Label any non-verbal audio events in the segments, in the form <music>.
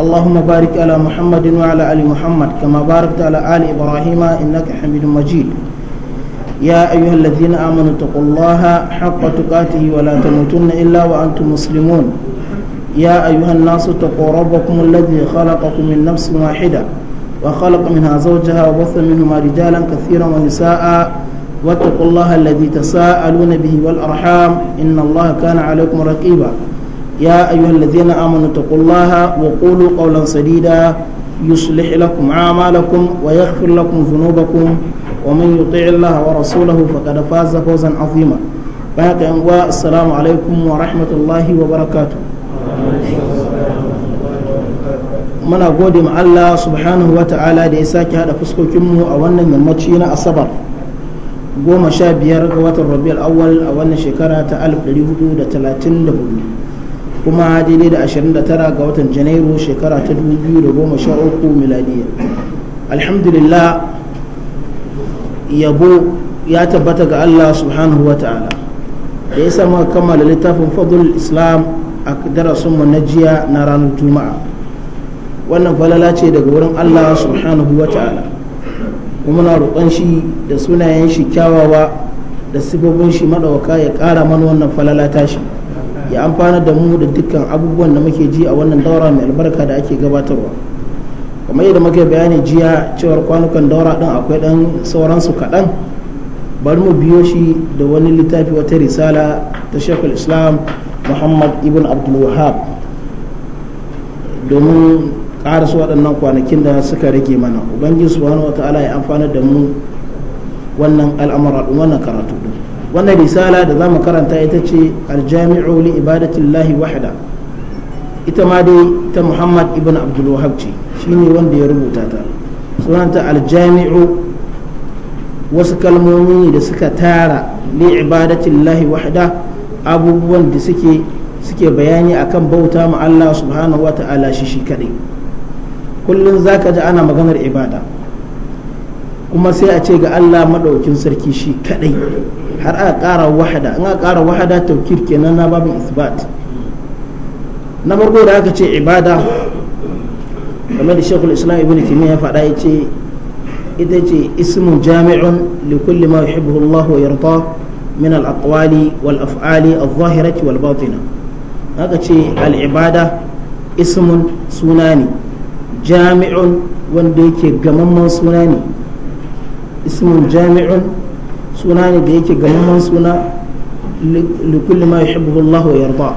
اللهم بارك على محمد وعلى آل محمد كما باركت على آل إبراهيم إنك حميد مجيد يا أيها الذين آمنوا اتقوا الله حق تقاته ولا تموتن إلا وأنتم مسلمون يا أيها الناس اتقوا ربكم الذي خلقكم من نفس واحدة وخلق منها زوجها وبث منهما رجالا كثيرا ونساء واتقوا الله الذي تساءلون به والأرحام إن الله كان عليكم رقيبا يا أيها الذين آمنوا اتقوا الله وقولوا قولا سديدا يصلح لكم أعمالكم ويغفر لكم ذنوبكم ومن يطيع الله ورسوله فقد فاز فوزا عظيما بارك السلام عليكم ورحمة الله وبركاته muna gode ma Allah subhanahu wa ta'ala da ya sake hada fuskokinmu a wannan yammaci na asabar goma sha biyar ga watan rabiul awwal a wannan shekara ta 1434 kuma daidai da 29 ga watan janairu shekara ta 2013 miladiya alhamdulillah yabo ya tabbata ga allah subhanahu wa ta'ala da ya sama kammala littafin fadul islam a darasinmu na jiya na ranar juma'a wannan falala ce daga wurin allah subhanahu wa ta'ala kuma na roƙon shi da sunayen shi kyawawa da sifofin shi madawaka ya ƙara mana wannan falala tashi shi ya amfana da mu da dukkan abubuwan da muke ji a wannan daura mai albarka da ake gabatarwa kamar yadda muka bayani jiya cewar kwanukan daura din akwai dan sauransu kaɗan bari mu biyo shi da wani littafi wata risala ta shekul islam muhammad ibn abdul wahab domin su waɗannan kwanakin da suka rage mana ubangiji subhanahu wa ta'ala ya amfana da mu wannan al'amura wannan karatu wannan risala da za mu karanta ita ce aljami'u li ibadatillahi wahda ita ma dai ta muhammad ibn abdul wahab ce shine wanda ya rubuta ta sunanta aljami'u wasu kalmomi ne da suka tara li ibadatillahi wahda abubuwan da suke suke bayani akan bauta ma Allah subhanahu wa ta'ala shi shi kadai kullun zaka ji ana maganar ibada kuma sai a ce ga Allah madaukin sarki shi kadai har aka ƙara wahada in aka ƙara wahada taukir kenan na babin isbat na farko da aka ce ibada game da shekul islam ibn timiya ya faɗa ya ce ita ce ismun jami'un li kulli ma yuhibbu Allah wa yarda min al aqwali wal af'ali al zahirati wal batina haka ce al ibada ismun suna ne jami'un wanda yake gamamman suna ne ismun jami'un suna ne da yake gamamman suna likulli ma yuhibbu Allah yarda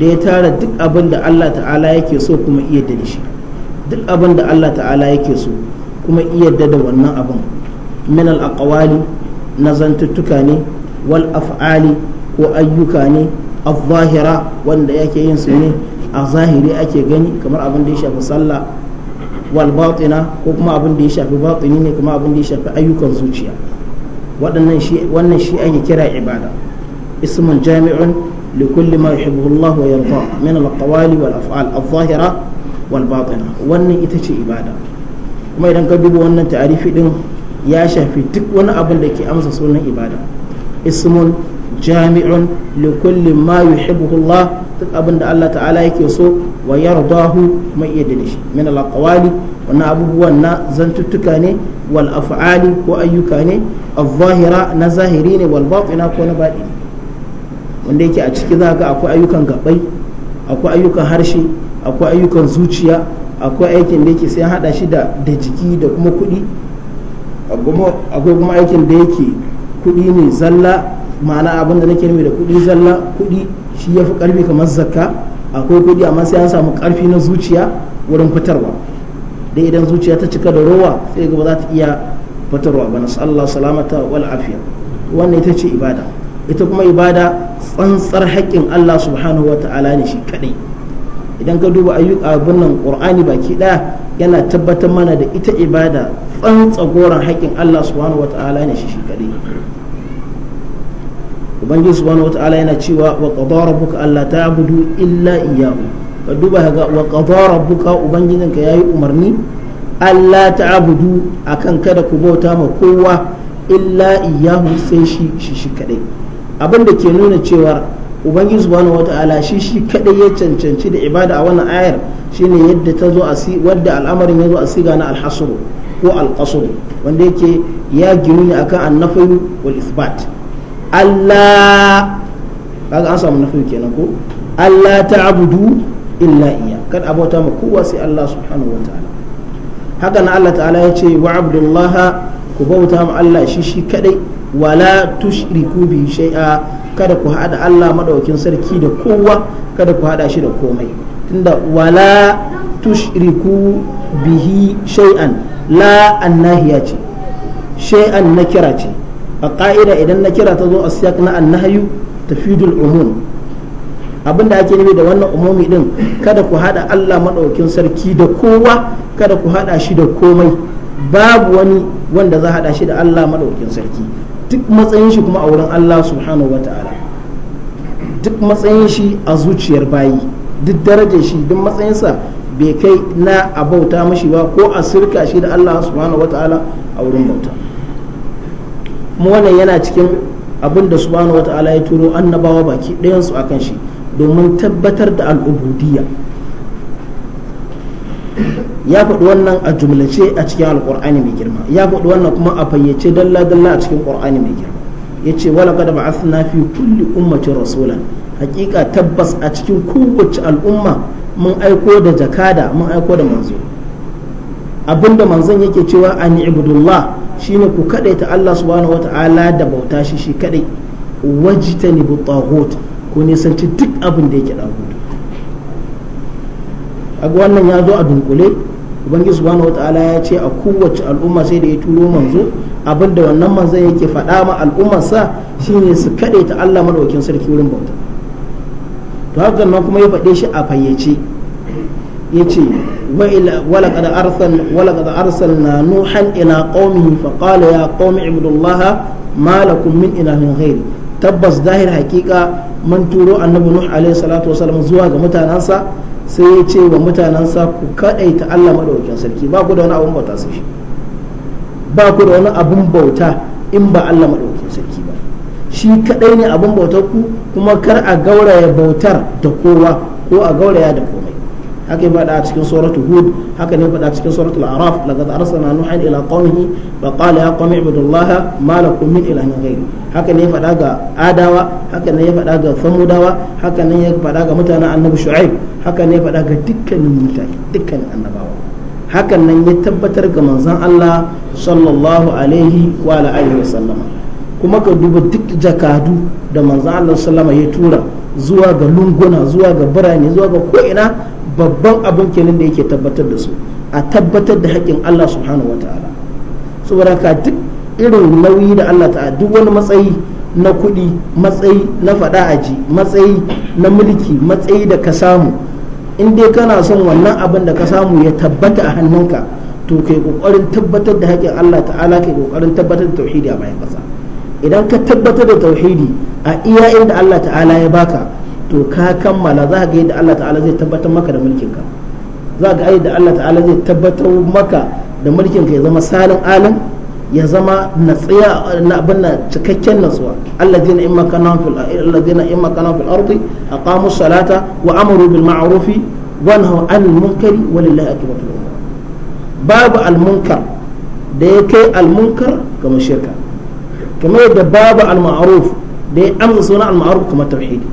da ya tara duk abin da Allah ta'ala yake so kuma iya da shi duk abin da Allah ta'ala yake so kuma iya da wannan abin min al aqwali na zantuttuka ne wal af'ali ko ayyuka ne al-zahira wanda yake yin su ne a zahiri ake gani kamar abin da ya shafi sallah wal batina ko kuma abin da ya shafi batini ne kuma abin da ya shafi ayyukan zuciya wannan shi ake kira ibada ismun jami'un li kulli ma yuhibbu Allah wa yarda min al-qawali wannan ita ce ibada kuma idan ka duba wannan tarifi din ya shafi duk wani abin da ke amsa sunan ibada ismun jami'un li kulli ma yuhibbu duk abin da Allah ta'ala yake so wa yardahu mai yadda shi min al-qawali wannan abubuwan na zantuttuka ne wal af'ali ko ayyuka ne al-zahira na zahiri ne wal batina ko na baɗi wanda yake a ciki za ga akwai ayyukan gabai akwai ayyukan harshe akwai ayyukan zuciya akwai aikin da yake sai hada shi da da jiki da kuma kuɗi akwai kuma aikin da yake kuɗi ne zalla ma'ana abin da nake nemi da kuɗi zalla kuɗi shi yafi karfi kamar zakka akwai kuɗi amma sai an samu karfi na zuciya wurin fitarwa dai idan zuciya ta cika da rowa sai ga ba za ta iya fatarwa ba nasu Allah salamata wal afiya wannan ita ce ibada ita kuma ibada tsantsar haƙƙin Allah subhanahu wa ta'ala ne shi kadai idan ka duba ayyuka abin nan baki daya yana tabbatar mana da ita ibada tsantsagoran haƙƙin Allah subhanahu wa ta'ala ne shi shi kadai ubangiji subhanahu wa ta'ala yana cewa wa qadara allah ta ta'budu illa iyyahu ka duba ga wa qadara rabbuka ka yayi umarni alla ta'budu akan kada ku bauta ma kowa illa iyyahu sai shi shi shi kadai abin da ke nuna cewa ubangiji subhanahu wata'ala shi shi kadai ya cancanci da ibada a wannan ayar shine yadda ta zo a si wadda al'amarin ya zo a siga na alhasru ko alqasr wanda yake ya ginu ne akan annafayu wal isbat alla kaga an samu nafayu kenan ko Allah ta'budu illa iya kan abota ma kowa sai Allah subhanahu wa ta'ala haka na Allah ta'ala ya ce wa abdullah ku bauta ma Allah shi shi kadai wala tushriku bi shay'a kada ku hada Allah madaukin sarki da kowa kada ku hada shi da komai tunda wala tushriku bihi shay'an la annahiya ce shay'an nakira ce a ka'ida idan nakira ta zo a siyak na annahayu tafidul umum abinda ake nufi da wannan umumi din kada ku hada Allah maɗaukin sarki da kowa kada ku hada shi da komai babu wani wanda za hada shi da Allah madaukin sarki duk matsayin shi kuma a wurin Allah subhanahu wata'ala duk matsayin shi a zuciyar bayi duk darajar shi duk matsayinsa bai kai na a bauta mashi ba ko a sirka shi da Allah subhanahu wata'ala a wurin bauta mu wannan yana cikin abin da subhanahu wata'ala ya turo annabawa baki ɗayansu a kan shi domin tabbatar da al'ubudiyya ya faɗi wannan a jumlace a cikin alƙur'ani mai girma ya faɗi wannan kuma a fayyace dalla-dalla a cikin ƙur'ani mai girma ya ce wala kada ba'athna fi kulli ummatin rasulan hakika tabbas a cikin kowace al'umma mun aiko da jakada mun aiko da manzo abinda manzon yake cewa an shi shine ku ta Allah subhanahu taala da bauta shi shi kadai bu taghut ko nisanci duk abin da yake ɗagutu aga wannan ya zo a dunkule ubangiji subhanahu wataala ya ce a kowace al'umma sai da ya turo manzo abin da wannan manzo yake faɗa ma al'ummarsa shine su kaɗe ta Allah madaukin sarki wurin bauta to haka nan kuma ya faɗe shi a fayyace ya ce ولقد أرسل ولقد أرسلنا نوحا ila قومه fa qala ya qaumi الله ma lakum min ilahin ghairi tabbas zahir حقيقة man turo annabi nuh alayhi salatu wasallam zuwa ga mutanansa sai ya ce wa mutanansa ku kadaita Allah madaukakin sarki ba ku da wani abun bauta sai ba ku da wani abun bauta in ba Allah madaukakin sarki ba shi kadai ne abun bautar ku kuma kar a gauraya bautar da kowa ko a gauraya da kowa haka ya faɗa a cikin suratul hud haka ne faɗa a cikin suratul araf laqad arsalna nuhan ila qaumihi fa qala ya qaumi ibudullaha ma lakum min ilahin ghayri haka ne ya faɗa ga adawa haka ne ya faɗa ga samudawa haka ne ya faɗa ga mutanen annabi shu'aib haka ne ya faɗa ga dukkanin mutane dukkanin annabawa hakan nan ya tabbatar ga manzon Allah sallallahu alaihi wa alihi wa sallama kuma ka duba duk jakadu da manzon Allah sallama ya tura zuwa ga lunguna zuwa ga birane zuwa ga ko'ina babban abin kenan da yake tabbatar da su a tabbatar da haƙƙin Allah subhanahu wataala saboda ka duk irin nauyi da Allah ta duk wani matsayi na kuɗi matsayi na faɗa ji matsayi na mulki matsayi da ka samu in dai kana son wannan abin da ka samu ya tabbata a hannunka to kai kokarin tabbatar da haƙƙin Allah ta'ala kai kokarin tabbatar da tauhidi a bayan ƙasa idan ka tabbatar da tauhidi a iya inda Allah ta'ala ya baka to ka kammala za ga yadda Allah ta'ala zai tabbatar maka da mulkin ka za ga yadda Allah ta'ala zai tabbatar maka da mulkin ka ya zama salin alim ya zama natsiya na abin na cikakken natsuwa allazina in makana fil allazina in makana fil ardi aqamu salata wa amaru bil ma'ruf wa nahaw anil munkari walillahi akbatul umur babu al munkar da ya kai al munkar kamar shirka kamar yadda babu al ma'ruf da ya amsa sunan al ma'ruf kamar tauhidi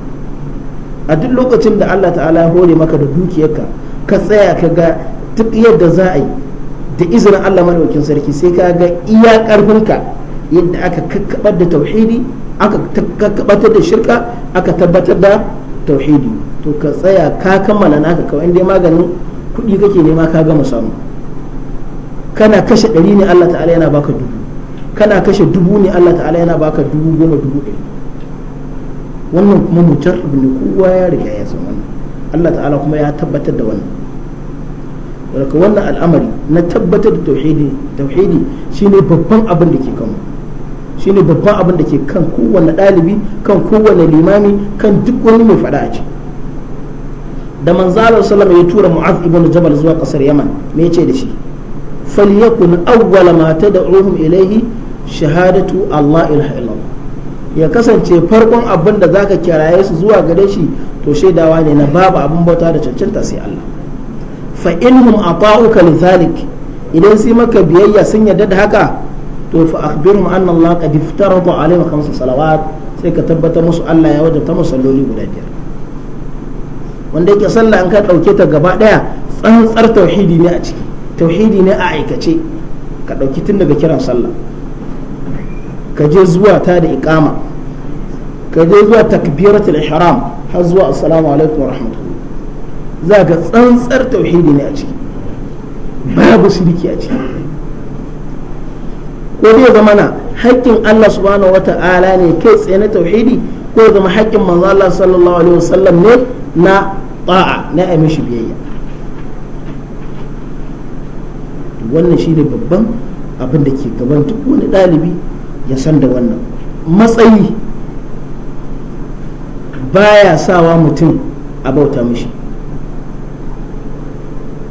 a duk lokacin da Allah ta'ala ya hore maka da dukiyarka ka tsaya ka ga duk yadda za a yi da izinin Allah madaukin sarki sai ka ga iya karfinka yadda aka kakkabar da tauhidi aka kakkabatar da shirka aka tabbatar da tauhidi to ka tsaya ka kammala naka kawai dai maganin kuɗi kake nema ka gama samu kana kashe ɗari ne Allah ta'ala yana baka dubu kana kashe dubu ne Allah ta'ala yana baka dubu goma dubu ɗari wannan kuma mujarrab ne kowa ya riga ya san wannan Allah ta'ala kuma ya tabbatar da wannan daga wannan al'amari na tabbatar da tauhidi tauhidi shine babban abin da ke kanmu shine babban abin da ke kan kowane ɗalibi kan kowane limami kan duk wani mai faɗa a ci da manzalo sallama ya tura mu'az ibn jabal zuwa kasar yaman me yace da shi falyakun awwala ma tad'uhum ilayhi shahadatu allah ilaha ya kasance farkon abin da zaka kiraye su zuwa gare shi to shaidawa ne na babu abin bauta da cancanta sai Allah fa inhum ata'uka lidhalik idan sai maka biyayya sun yarda da haka to fa akhbirhum anna Allah qad iftarada alaihim khamsa salawat sai ka tabbata musu Allah ya wajabta musu salloli guda biyar wanda yake sallah an ka dauke ta gaba daya tsantsar tauhidi ne a ciki tauhidi ne a aikace ka dauki tun daga kiran sallah ka je zuwa ta da ikama ka je zuwa takbiratul ihram har zuwa assalamu alaikum wa za ga tsantsar tauhidi ne a ciki babu shirki a ciki ko zai zama na haƙƙin Allah subhanahu wa ta'ala ne kai tsaye na tauhidi ko zama haƙƙin manzo Allah sallallahu alaihi wasallam ne na ta'a na a biyayya wannan shine babban abin da ke gaban duk wani ɗalibi ya san da wannan matsayi baya sawa mutum a bauta mishi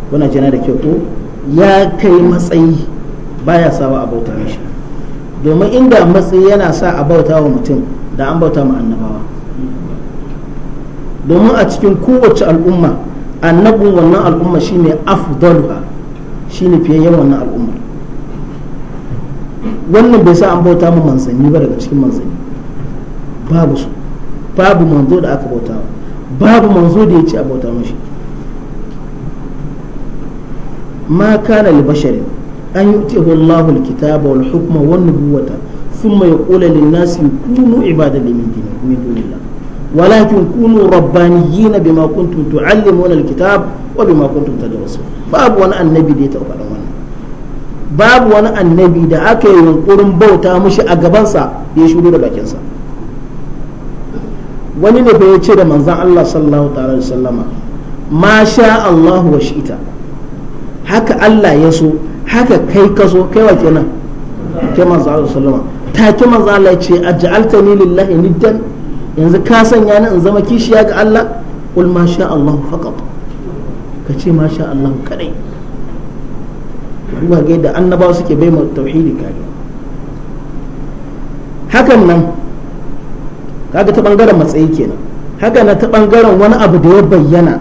kuna jana da kyau ko ya kai matsayi baya sawa a bauta mishi domin inda matsayi yana sa a bauta wa mutum da an bauta ma annabawa domin a cikin kowace al'umma annabin wannan al'umma shine afdaluha shine fiye wannan al'umma wannan bai sa an bauta mu manzanni ba daga cikin manzanni babu su babu manzo da aka bauta babu manzo da ya ce a bauta mashi ma kana li basharin an yutihu Allahu al-kitaba wal hukma wan nubuwata thumma yaqulu lin nasi kunu ibada min dini min dunillah walakin kunu rabbaniyina bima kuntum tu'allimuna al-kitab wa bima kuntum tadrusun babu wani annabi da ya taɓa ɗan wannan babu wani annabi da aka yi yunkurin bauta mushi a gabansa da ya shuru da bakinsa wani ne bai ce da manzan Allah sallallahu ta'ala da sallama ma sha Allah wa shi'ita haka Allah ya so haka kai ka so kai wa kenan ke manzan Allah sallama ta ki manzan Allah ya ce aj'altani lillahi niddan yanzu ka sanya ni in zama kishiya ga Allah qul ma sha Allah faqat ka ce ma sha Allah kadai duba ga yadda annabawa suke bai tauhidi kare hakan nan kaga ta bangaren matsayi kenan haka na ta bangaren wani abu da ya bayyana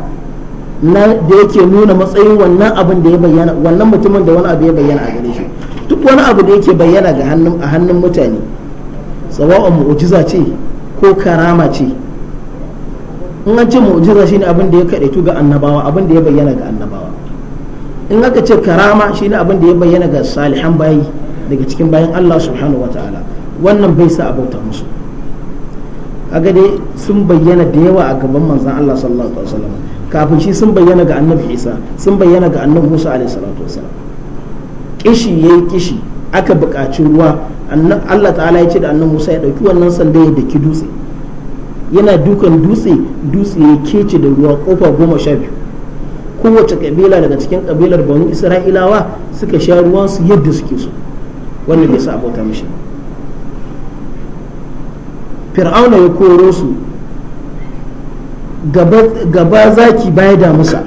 na da yake nuna matsayin wannan abin da ya bayyana wannan mutumin da wani abu ya bayyana a gare shi duk wani abu da yake bayyana ga hannun a hannun mutane sawa'un mu'ujiza ce ko karama ce in an ce mu'ujiza shine abin da ya kaɗaitu ga annabawa abin da ya bayyana ga annabawa in aka ce karama shi ne abin da ya bayyana ga salihan bayi daga cikin bayan Allah subhanahu wa ta'ala wannan bai sa abauta musu kaga dai sun bayyana da yawa a gaban manzan Allah sallallahu alaihi wasallam kafin shi sun bayyana ga annabi Isa sun bayyana ga annabi Musa alaihi salatu wasallam kishi yayi kishi aka buƙaci ruwa Allah ta'ala ya ce da annabi Musa ya dauki wannan sanda ya daki dutse yana dukan dutse dutse ya kece da ruwa kofa goma sha biyu kowace kabila daga cikin kabilar banu isra'ilawa suka sha ruwan su yadda suke so wannan bai sa abota mishi fir'auna ya koro su gaba zaki baya da musa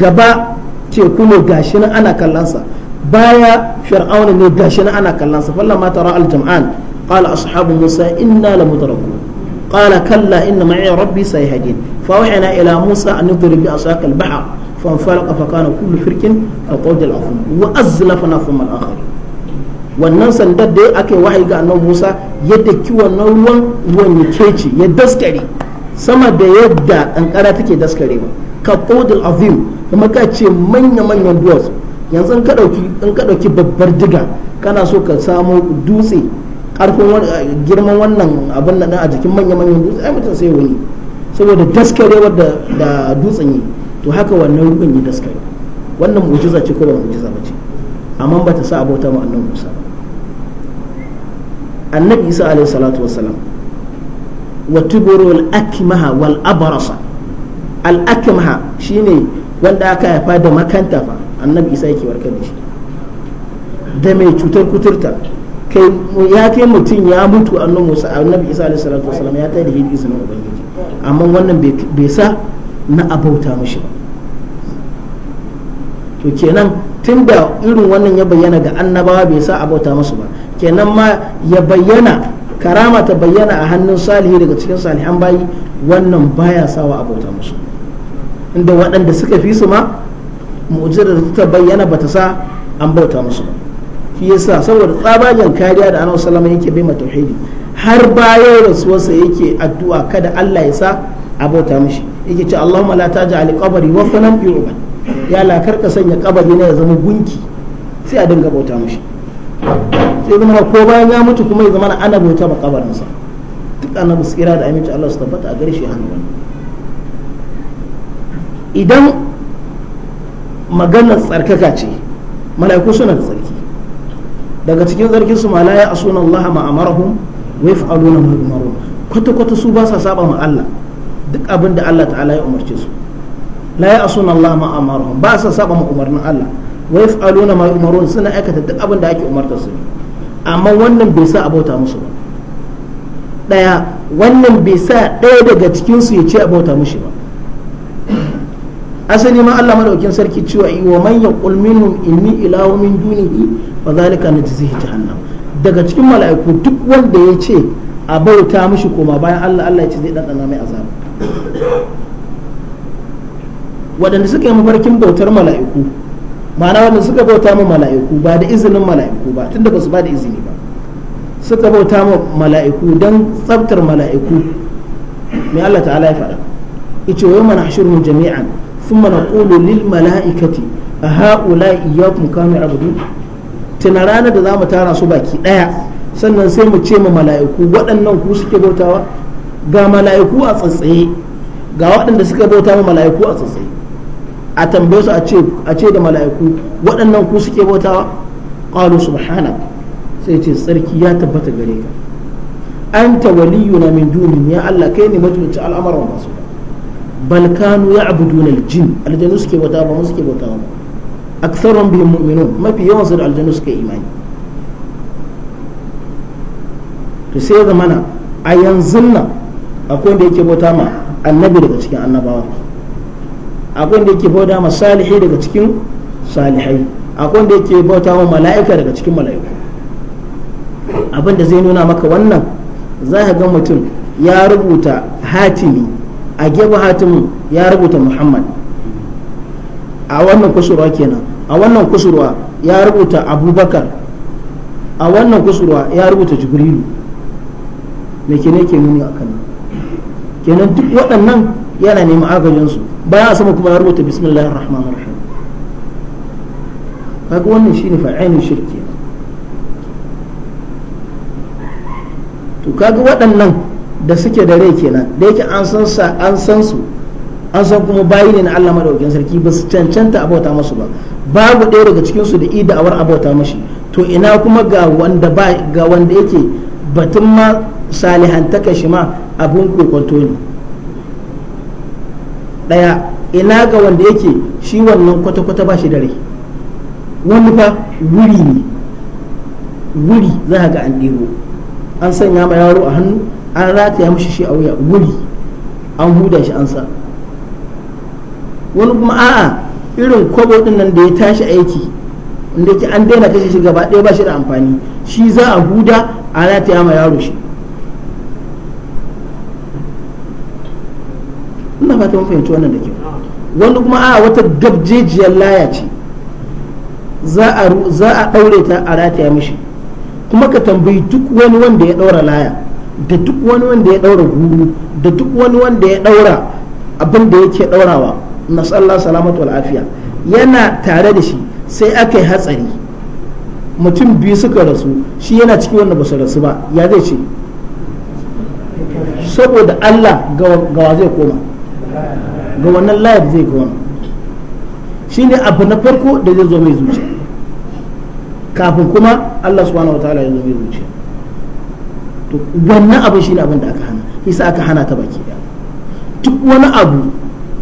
gaba teku ne gashi nan ana kallansa baya fir'auna ne gashi nan ana kallansa fallama tara al-jam'an qala ashabu musa inna lamudrakun قال كلا إن معي ربي سيهدين musa إلى موسى أن نضرب بعصاك البحر فانفلق فكان كل فرق القود العظيم وأزلفنا ثم الآخر wannan sandar da aka yi wahayi ga annabi Musa yadda kiwon wannan ruwan ruwan ya kece ya daskare sama da yadda kankara take ba ka qodul azim kuma ka ce manya manyan duwatsu yanzu ka dauki in ka dauki babbar diga kana so ka samu dutse karfin girman wannan abin nan a jikin manya manyan dutse ai mutum sai wani saboda daskarewar da dutsen yi to haka wannan rubin yi daskare wannan mu'jiza ce ko ba mu'jiza ba ce amma ba ta sa abota ma annan Musa annabi Isa alaihi salatu wasalam wa tuburu al-akmaha wal abrasa al-akmaha shine wanda aka haifa da makanta fa annabi Isa yake warkar da shi da mai cutar kuturta kai ya kai mutum ya mutu annabi Musa annabi Isa alaihi salatu wasalam ya tayi da izinin ubangiji amma wannan bai sa na abauta mashi ba to kenan tun da irin wannan ya bayyana ga annabawa bai sa abauta masu ba kenan ma ya bayyana karama ta bayyana a hannun salihi daga cikin salihan bayi wannan baya sawa abauta musu inda waɗanda suka fi su ma mu'jizar da ta bayyana bata sa an bauta musu ba shi yasa saboda tsabagen kariya da wasu sallama yake bai tauhidi har bayan rasuwarsa yake addu'a kada Allah ya sa abota mishi yake ce Allahumma la taj'al qabri wa fanan yu'bad ya la karka sanya kabari ne ya zama gunki sai a dinga bauta mishi sai zama ko bayan ya mutu kuma ya zama ana bauta ba sa duk annabi tsira da aminci Allah su tabbata a gare shi hannu idan maganar tsarkaka ce mala'iku suna da tsarki daga cikin tsarki su malaya asuna Allah ma amarahum wa yaf'aluna ma yumarun kwata kwata su ba sa saba ma Allah duk abin da Allah ta'ala ya umarce su la ya asuna Allah ma amaruhum ba sa saba ma umarnin Allah wa yaf'aluna ma umarun suna aikata duk abin da ake umartar su amma wannan bai sa abota musu ba daya wannan bai sa daya daga cikin su ya ce abota mushi ba asali ma Allah madaukin sarki cewa wa man yaqul minhum inni ilahu min dunihi fa zalika najzihi jahannam daga cikin mala'iku duk wanda ya ce a bauta mushi koma bayan Allah Allah ya ce zai dan mai azaba waɗanda suka yi mafarkin bautar mala'iku ma'ana waɗanda suka bauta ma mala'iku ba da izinin mala'iku ba tunda ba su ba da izini ba suka bauta ma mala'iku don tsabtar mala'iku mai Allah ta'ala ya faɗa ice wa yawma nahshuruhum jami'an thumma naqulu lil mala'ikati a ha'ula iyyakum kanu abudun tana ranar da za mu tara su baki ɗaya sannan sai mu ce ma mala'iku waɗannan ku suke bautawa ga mala'iku a tsatsaye ga waɗanda suka bauta ma mala'iku a tsatsaye a tambaye su a ce da mala'iku waɗannan ku suke wa qalu subhana sai ce sarki ya tabbata gare ka anta waliyuna min dunin ya Allah kai ne mutunci al'amuran masu balkanu ya ya'buduna al-jin aljanu suke bauta ba mu suke bauta ba aktharuhum bihim mu'minun mafi yawan su da aljanu suke imani to sai zamana a yanzu nan akwai wanda yake bauta ma annabi daga cikin annabawa akwai wanda yake bauta ma salihi daga cikin salihai akwai wanda yake bauta ma mala'ika daga cikin mala'iku abin da zai nuna maka wannan za ka ga mutum ya rubuta hatimi a gefe hatimin ya rubuta muhammad a wannan kusurwa kenan a wannan kusurwa ya rubuta abubakar a wannan kusurwa ya rubuta jibrilu me ke ne ke nuni a kan kenan duk waɗannan yana neman agajinsu bayan ya sama kuma ya rubuta bismillahir rahmanir rahim kaga wannan shine fa'ainin shirki to kaga waɗannan da suke da rai kenan da yake an san sa an san su an san kuma bayi ne na Allah madaukakin sarki ba su cancanta abota masu ba babu ɗaya daga cikin su da i da awar abota mashi to ina kuma ga wanda ba ga wanda yake batun ma salihantaka shi ma abin kokonto ne ɗaya ina ga wanda yake shi wannan kwata-kwata ba shi da rai wani fa wuri ne wuri za ga an ɗebo an sanya ma yaro a hannu an rataya mashi shi a wuya wuri an huda shi an sa wani kuma a'a irin kwabo din nan da ya tashi aiki inda yake an daina kashe shi gaba ɗaya ba shi da amfani shi za a huda a rataya ma yaro shi ina fata mun fahimci wannan da kyau wani kuma a wata gabjejiyar laya ce za a za daure ta a rataya mishi kuma ka tambayi duk wani wanda ya daura laya da duk wani wanda ya daura guru da duk wani wanda ya daura abin da yake daurawa sallah salamatu wal afiya yana tare da shi sai aka yi hatsari mutum biyu suka rasu shi yana ciki wanda ba su rasu ba ya zai ce saboda Allah gawa zai koma ga wannan layar zai ga shi ne abu na farko da zai zo mai zuciya kafin kuma Allah subhanahu wa ta'ala ya zo mai zuciya to wannan abin shi ne abin da aka hana isa aka hana ta baki daya duk wani abu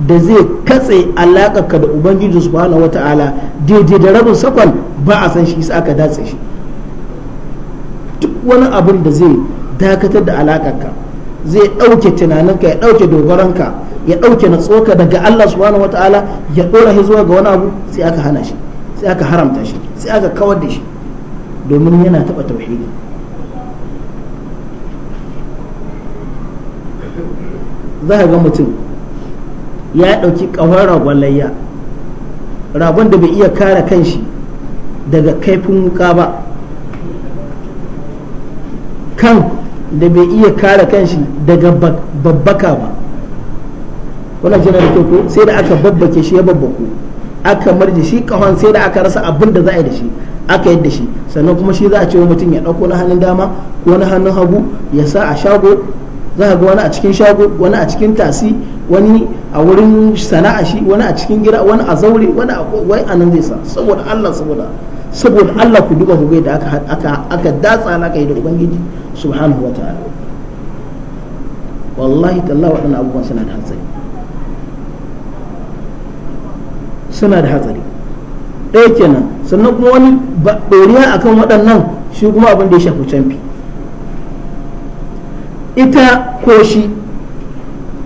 da zai katse alaƙarka da ubangiji subhanahu wa ta'ala daidai da rabin sakon ba a san shi isa aka datse shi duk wani abin da zai dakatar da alaƙarka zai ɗauke tunaninka ya ɗauke dogaranka ya ɗauke na tsoka daga Allah subhanahu wataala ya ɗora shi zuwa ga wani abu sai aka hana shi sai aka haramta shi sai aka kawar da shi domin yana taɓa tauhidi za ga mutum ya ɗauki ƙawar ragon layya ragon da bai iya kare kanshi daga kaifin wuka ba kan da bai iya kare kanshi daga babbaka ba wannan jira da koko sai da aka babbake shi ya babbaku aka marje shi kahon sai da aka rasa abin da za a yi da shi aka yadda shi sannan kuma shi za a ce mutum ya ɗauko na hannun dama ko na hannun hagu ya sa a shago za a ga wani a cikin shago wani a cikin tasi wani a wurin sana'a shi wani a cikin gida wani a zaure wani a wai a nan zai sa saboda Allah saboda saboda Allah ku duba ku da aka aka aka datsa na kai da ubangiji subhanahu wataala wallahi tallahi ɗan abubuwan suna da hatsari suna da hatsari ɗaya kenan sannan kuma wani ɗoriya akan waɗannan shi kuma abin da ya shafi canfi ita ko shi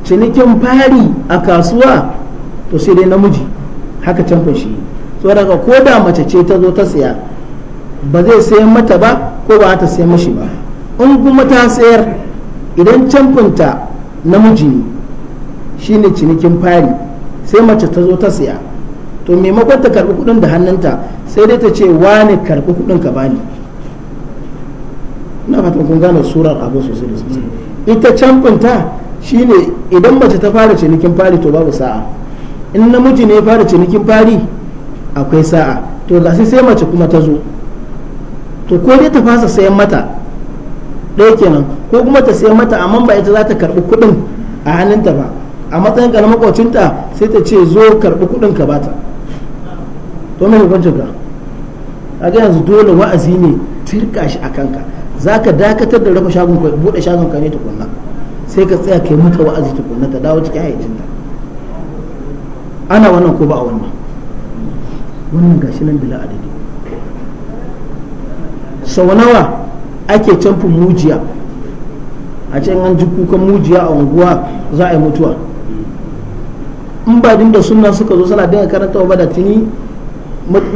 cinikin fari a kasuwa to sai dai namiji haka canfin shi daga ko da mace ce ta zo ta siya ba zai sayan mata ba ko ba ta sayan mashi ba in kuma ta sayar idan canfinta namiji ne shi ne cinikin fari sai mace ta zo ta siya to maimakon ta karɓi kuɗin da hannunta sai dai ta ce wani karɓi kuɗin ka bani na fatan kun gane surar abu sosai da sosai ita canfinta shine idan mace ta fara cinikin fari to babu sa'a in namiji ne ya fara cinikin fari akwai sa'a to ga sai mace kuma ta zo to ko dai ta fasa sayan mata ɗaya kenan ko kuma ta sayan mata amma ba ita za ta karɓi kuɗin a hannunta ba a matsayin ka na makwacinta sai ta ce zo karɓi kuɗin ka bata to mai hukuncin ka a ga yanzu dole wa'azi ne tirka shi a kanka za ka dakatar da rufe shagon ka buɗe shagon ka ne tukunna sai ka tsaya kai mata wa'azi tukunna ta dawo cikin hayyacinta ana wannan ko ba a wannan wannan gashi nan bila adadi sau nawa ake canfin mujiya a ce an ji kukan mujiya a unguwa za a yi mutuwa in ba din da sunna suka zo suna dinga karanta wa da tuni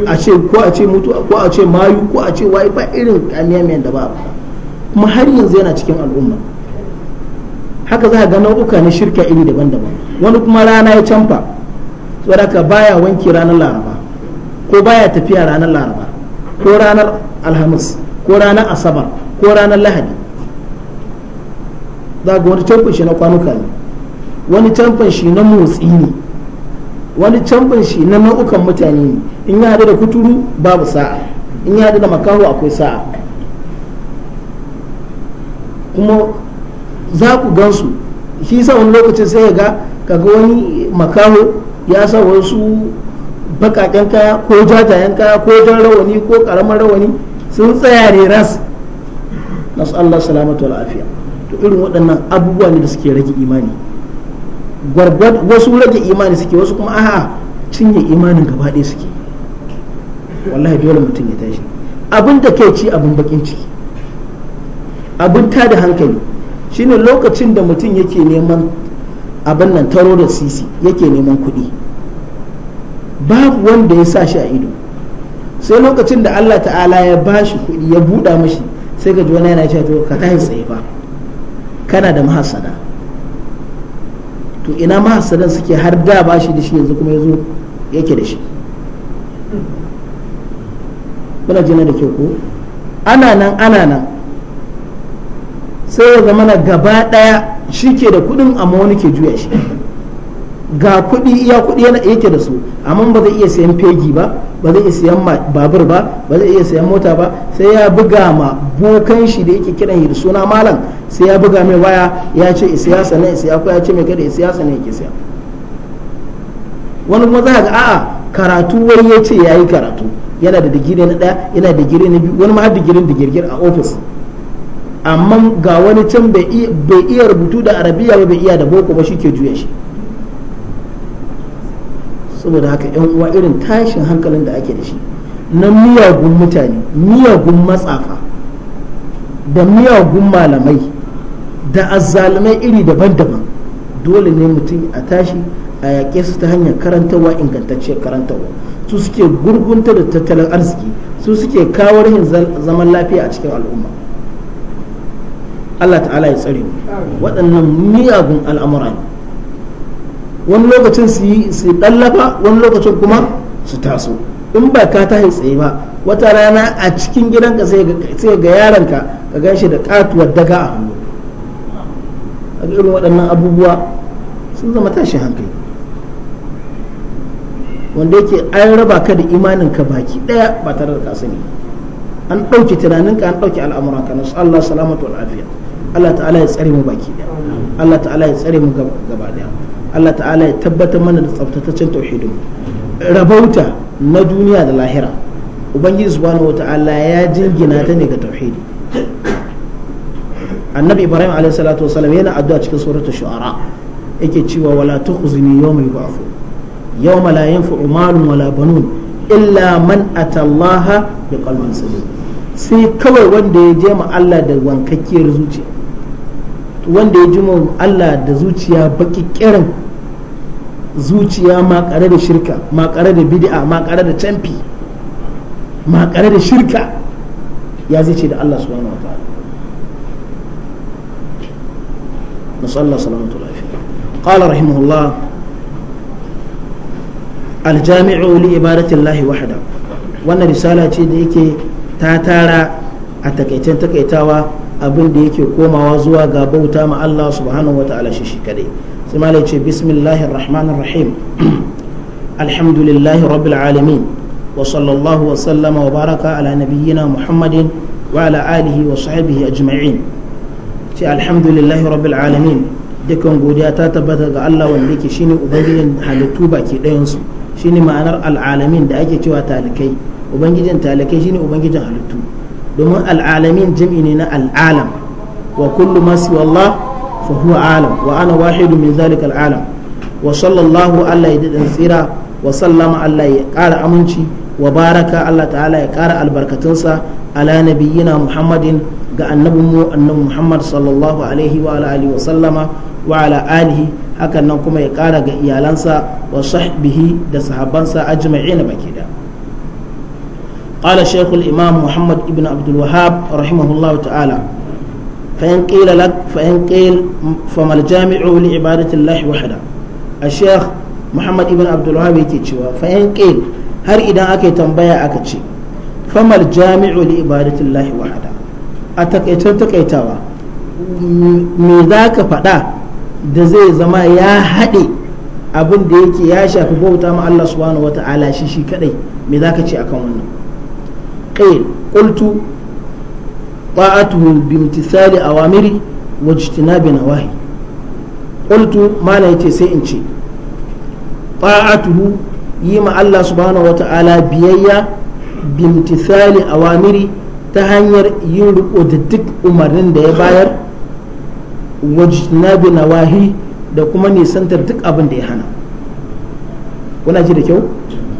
a ce ko a ce mutu ko a ce mayu ko a ce wai ba irin kamiya mai da ba kuma har yanzu yana cikin al'umma haka za ka ga nau'uka na shirka iri daban-daban wani kuma rana ya canfa saboda baya wanki ranar laraba ko baya tafiya ranar laraba ko ranar alhamis ko ranar asabar ko ranar lahadi za ga wani canfin shi na kwanuka ne wani canfin shi na motsi ne wani cambin shi na nau'ukan mutane ne in ya haɗu da kuturu babu sa'a in ya haɗu da makaho akwai sa'a kuma za ku gansu shi sa wani lokacin sai ga kaga wani makaho ya sa wasu bakaken kaya ko jajayen kaya ko jan rawani ko karamar rawani sun tsaya ne ras nasu Allah salamatu lafiya to irin waɗannan abubuwa ne da suke rage imani gwargwad wasu rage imani suke wasu kuma aha cinye imanin gaba ɗaya suke wallahi dole mutum ya tashi abin da kai ci abin bakin ciki abin ta da hankali shine lokacin da mutum yake neman abin nan taro da sisi yake neman kuɗi babu wanda ya sa shi a ido sai lokacin da Allah ta'ala ya ba shi kuɗi ya buɗa mashi sai ka ji wani yana cewa to ka tashi tsaye ba kana da mahasada to ina mahasadan suke har da ba shi da shi yanzu kuma yazo yake da shi muna jina da kyau ko ana nan ana nan sai ya zama na gaba daya shi ke da kudin amma wani ke juya shi ga kuɗi iya kuɗi yana yake da su amma ba zai iya sayan fegi ba ba zai iya sayan babur ba ba zai iya sayan mota ba sai ya buga ma bokan shi da yake kiran shi da suna malam sai ya buga mai waya ya ce isa ya ne isa ya ko ya ce mai kada isa ya sanan yake siya wani kuma za ga a'a karatu wai ya ce ya yi karatu yana da digiri na ɗaya yana da digiri na biyu wani ma har da girgir a ofis amma ga wani can bai iya rubutu da arabiya ba bai iya da boko ba shi ke juya shi saboda haka yan uwa irin tashin hankalin da ake da shi na miyagun mutane miyagun matsafa da miyagun malamai da azzalumai iri daban-daban dole ne mutum a tashi a yaƙe su ta hanyar karantarwa ingantacciyar karantarwa su suke gurgunta da tattalin arziki su suke kawo rahin zaman lafiya a cikin al'umma Allah ta'ala ya tsare waɗannan miyagun al'amura ne wani lokacin su yi su ɗallafa wani lokacin kuma su taso in ba ka ta tsaye ba wata rana a cikin gidanka sai ga yaronka ka gan shi da katuwar daga a hannu a irin waɗannan abubuwa sun zama tashi hankali wanda yake an raba ka da imanin ka baki ɗaya ba tare da kasani an ɗauke tunaninka an ɗauke al'amuranka na Allah salamatu wal afiya Allah ta'ala ya tsare mu baki ɗaya Allah ta'ala ya tsare mu gaba ɗaya Allah ta'ala ya tabbatar mana da tsaftataccen tauhidin rabauta na duniya da lahira ubangiji subhanahu wata'ala ya jingina ta ne ga tauhidi annabi ibrahim alaihi salatu wasallam yana addu'a cikin suratul shu'ara yake cewa wala tukhzini yawma yub'athu yawma la yanfa'u malun wala banun illa man atallaha biqalbin salim sai kawai wanda ya je ma Allah da wankakkiyar zuciya wanda ya ji Allah da zuciya baki kirin zuciya makare da shirka makare da bid'a makare da canfi makare da shirka ya zai ce da Allah subhanahu wa ta'ala nasallah salamatu lafiya qala rahimahullah aljami'u li ibadatillahi wahda wannan risala ce da yake ta tara a takaicen takaitawa abin da yake komawa zuwa ga bauta ma Allah subhanahu wa ta'ala shi shi kadai malai ce bismillahir rahmanir rahim <clears throat> alhamdulillahi rabbil alamin wa sallallahu wa sallama wa baraka ala nabiyyina muhammadin wa ala alihi wa sahbihi ajma'in ce alhamdulillahi rabbil alamin dukkan godiya ta tabbata ga Allah wanda yake shine ubangijin halittu baki ɗayan su shine ma'anar al'alamin da ake cewa talikai ubangijin talikai shine ubangijin halittu domin al'alamin jam'i ne na al'alam wa kullu ma siwa Allah فهو عالم وأنا واحد من ذلك العالم وصلى الله على يدد سيرا وسلم على قال أمنشي وبارك الله تعالى يقال البركة على نبينا محمد ga annabinmu annabi muhammad sallallahu alaihi wa alihi wa sallama wa ala alihi hakan nan kuma ya kara ga iyalansa wa sahbihi da sahabbansa ajma'ina baki da qala shaykhul imam muhammad ibn abdul wahhab rahimahullahu ta'ala فإن قيل لك فإن قيل فما الجامع لعبادة الله وحده الشيخ محمد ابن عبد الوهاب يتشوى فإن قيل هل إذا أكي تنبيا أكتشي فما الجامع لعبادة الله وحده أتكيتون تكيتاوا me za ka faɗa da zai zama ya haɗe abin da yake ya shafi bauta ma Allah subhanahu wa ta'ala shi shi kadai me za ka ce akan wannan qil qultu طاعته بامتثال أوامره واجتناب نواهي قلت ما لا نيتي سيئنشي طاعته يما الله سبحانه وتعالى بيايا بامتثال أوامره تهنير ينرق وددك أمرن دي باير واجتناب نواهي da kuma nisantar duk abin da ya hana kuna ji da kyau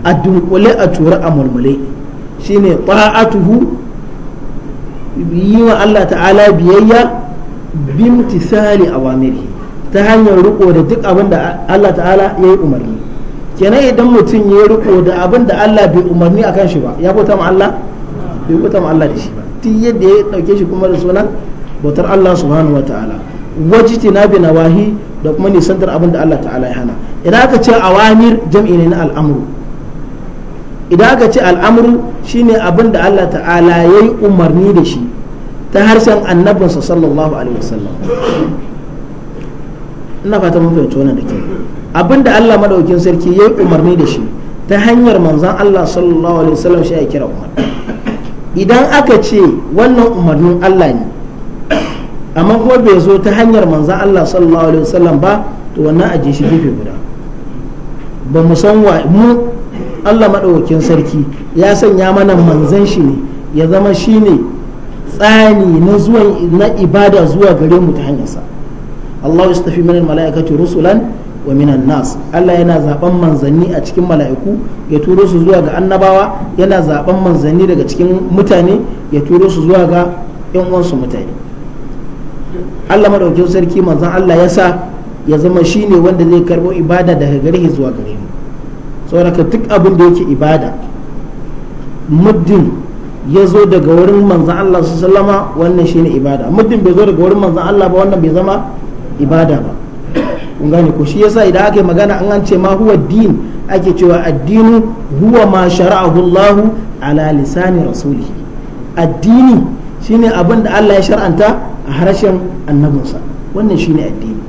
a dunkule a tura a mulmule shine ta'atuhu yi wa Allah ta'ala biyayya bimtisali awamiri ta hanyar riko da duk abin da Allah ta'ala ya yi umarni kenan idan mutum ya riko da abin da Allah bai umarni a kan shi ba ya bauta ma Allah bai bauta ma Allah da shi ba tun yadda ya dauke shi kuma da sunan bautar Allah subhanahu wa ta'ala wajiti na bi nawahi da kuma nisantar abin da Allah ta'ala ya hana idan aka ce awamir jam'i ne na al'amuru idan aka ce al'amru shine abin da Allah ta'ala ya yi umarni da shi ta harshen annabinsa sallallahu alaihi wasallam ina fata mun fahimci wannan da ke abin da Allah madaukin sarki ya yi umarni da shi ta hanyar manzan Allah sallallahu alaihi wasallam shi ya kira umar idan aka ce wannan umarnin Allah ne amma kuma bai zo ta hanyar manzan Allah sallallahu alaihi wasallam ba to wannan aje shi gefe guda ba mu san wa mu Allah maɗaukin sarki ya sanya mana manzan shi ne ya zama shi ne tsani na zuwan na ibada zuwa gare mu ta hanyarsa Allah ya tafi minan mala'ikati rusulan wa minan nas Allah yana zaben manzanni a cikin mala'iku ya turo su zuwa ga annabawa yana zaben manzanni daga cikin mutane ya turo su zuwa ga yan uwansu mutane Allah madaukin sarki manzan Allah ya sa ya zama shi ne wanda zai karbo ibada daga gare zuwa gare mu tsoraka duk abin da yake ibada muddin ya zo daga wurin manzan Allah su sallama wannan shine ibada muddin bai zo daga wurin manzan Allah ba wannan bai zama ibada ba kun gane ko shi yasa idan aka yi magana an an ce ma huwa din ake cewa addini huwa ma shara'ahu Allah ala lisani rasulihi addini shine abin da Allah ya shar'anta a harshen annabinsa wannan shine addini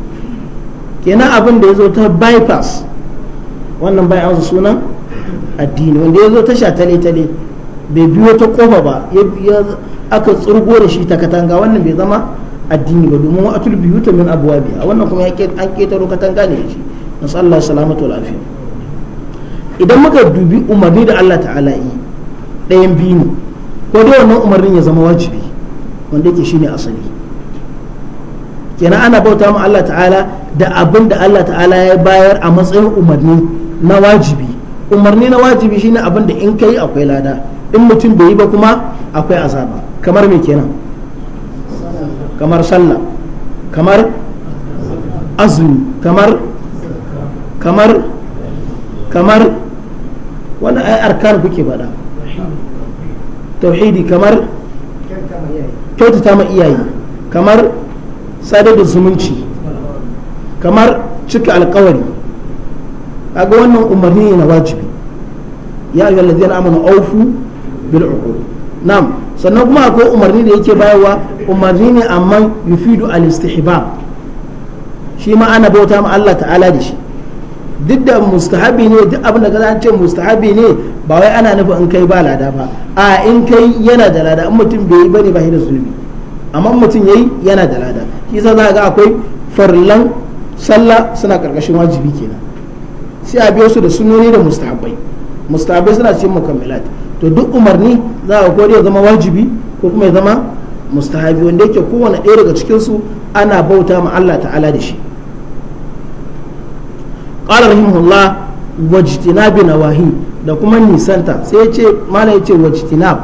kenan abin da ya zo ta bypass wannan bai auzu sunan addini wanda ya zo ta sha tale tale bai biyo ta kofa ba ya aka tsurgo da shi ta katanga wannan bai zama addini ba domin wa'atul ta min abuwa a wannan kuma an ketaro katanga ne shi nasu Allah salamatu wal idan muka dubi umarni da Allah ta'ala yi ɗayan biyu ne ko dai wannan umarnin ya zama wajibi wanda yake shine asali kenan ana bauta ma Allah ta'ala da abin da Allah ta'ala ya bayar a matsayin umarni na wajibi umarni na wajibi shine abin da in kai akwai lada in mutum bai yi ba kuma akwai azaba kamar me kenan kamar sallah kamar azumi kamar kamar kamar wani ai arkan kuke bada. tauhidi kamar kyautata ma iyaye kamar sadar da zumunci kamar cika alkawari kaga wannan umarni na wajibi ya ayyuhal ladzina amanu awfu bil uqud na'am sannan kuma akwai umarni da yake bayarwa umarni ne amma yufidu al istihbab shi ma'ana ana bauta ma Allah ta'ala da shi duk da mustahabi ne duk abin da kaza ce mustahabi ne ba wai ana nufin in kai ba lada ba a in kai yana da lada in mutum bai yi bane ba shi da zunubi amma mutum ya yi yana da lada shi za ga akwai farlan sallah suna karkashin wajibi kenan sai a biyo su da sunoni da mustahabbai mustahabbai suna cikin mukammilat to duk umarni za a ko ya zama wajibi ko kuma ya zama mustahabi wanda yake kowane ɗaya daga cikin su ana bauta ma Allah ta'ala da shi qala rahimahullah wajtinabi nawahi da kuma nisanta sai ya ce mala ya ce wajtinab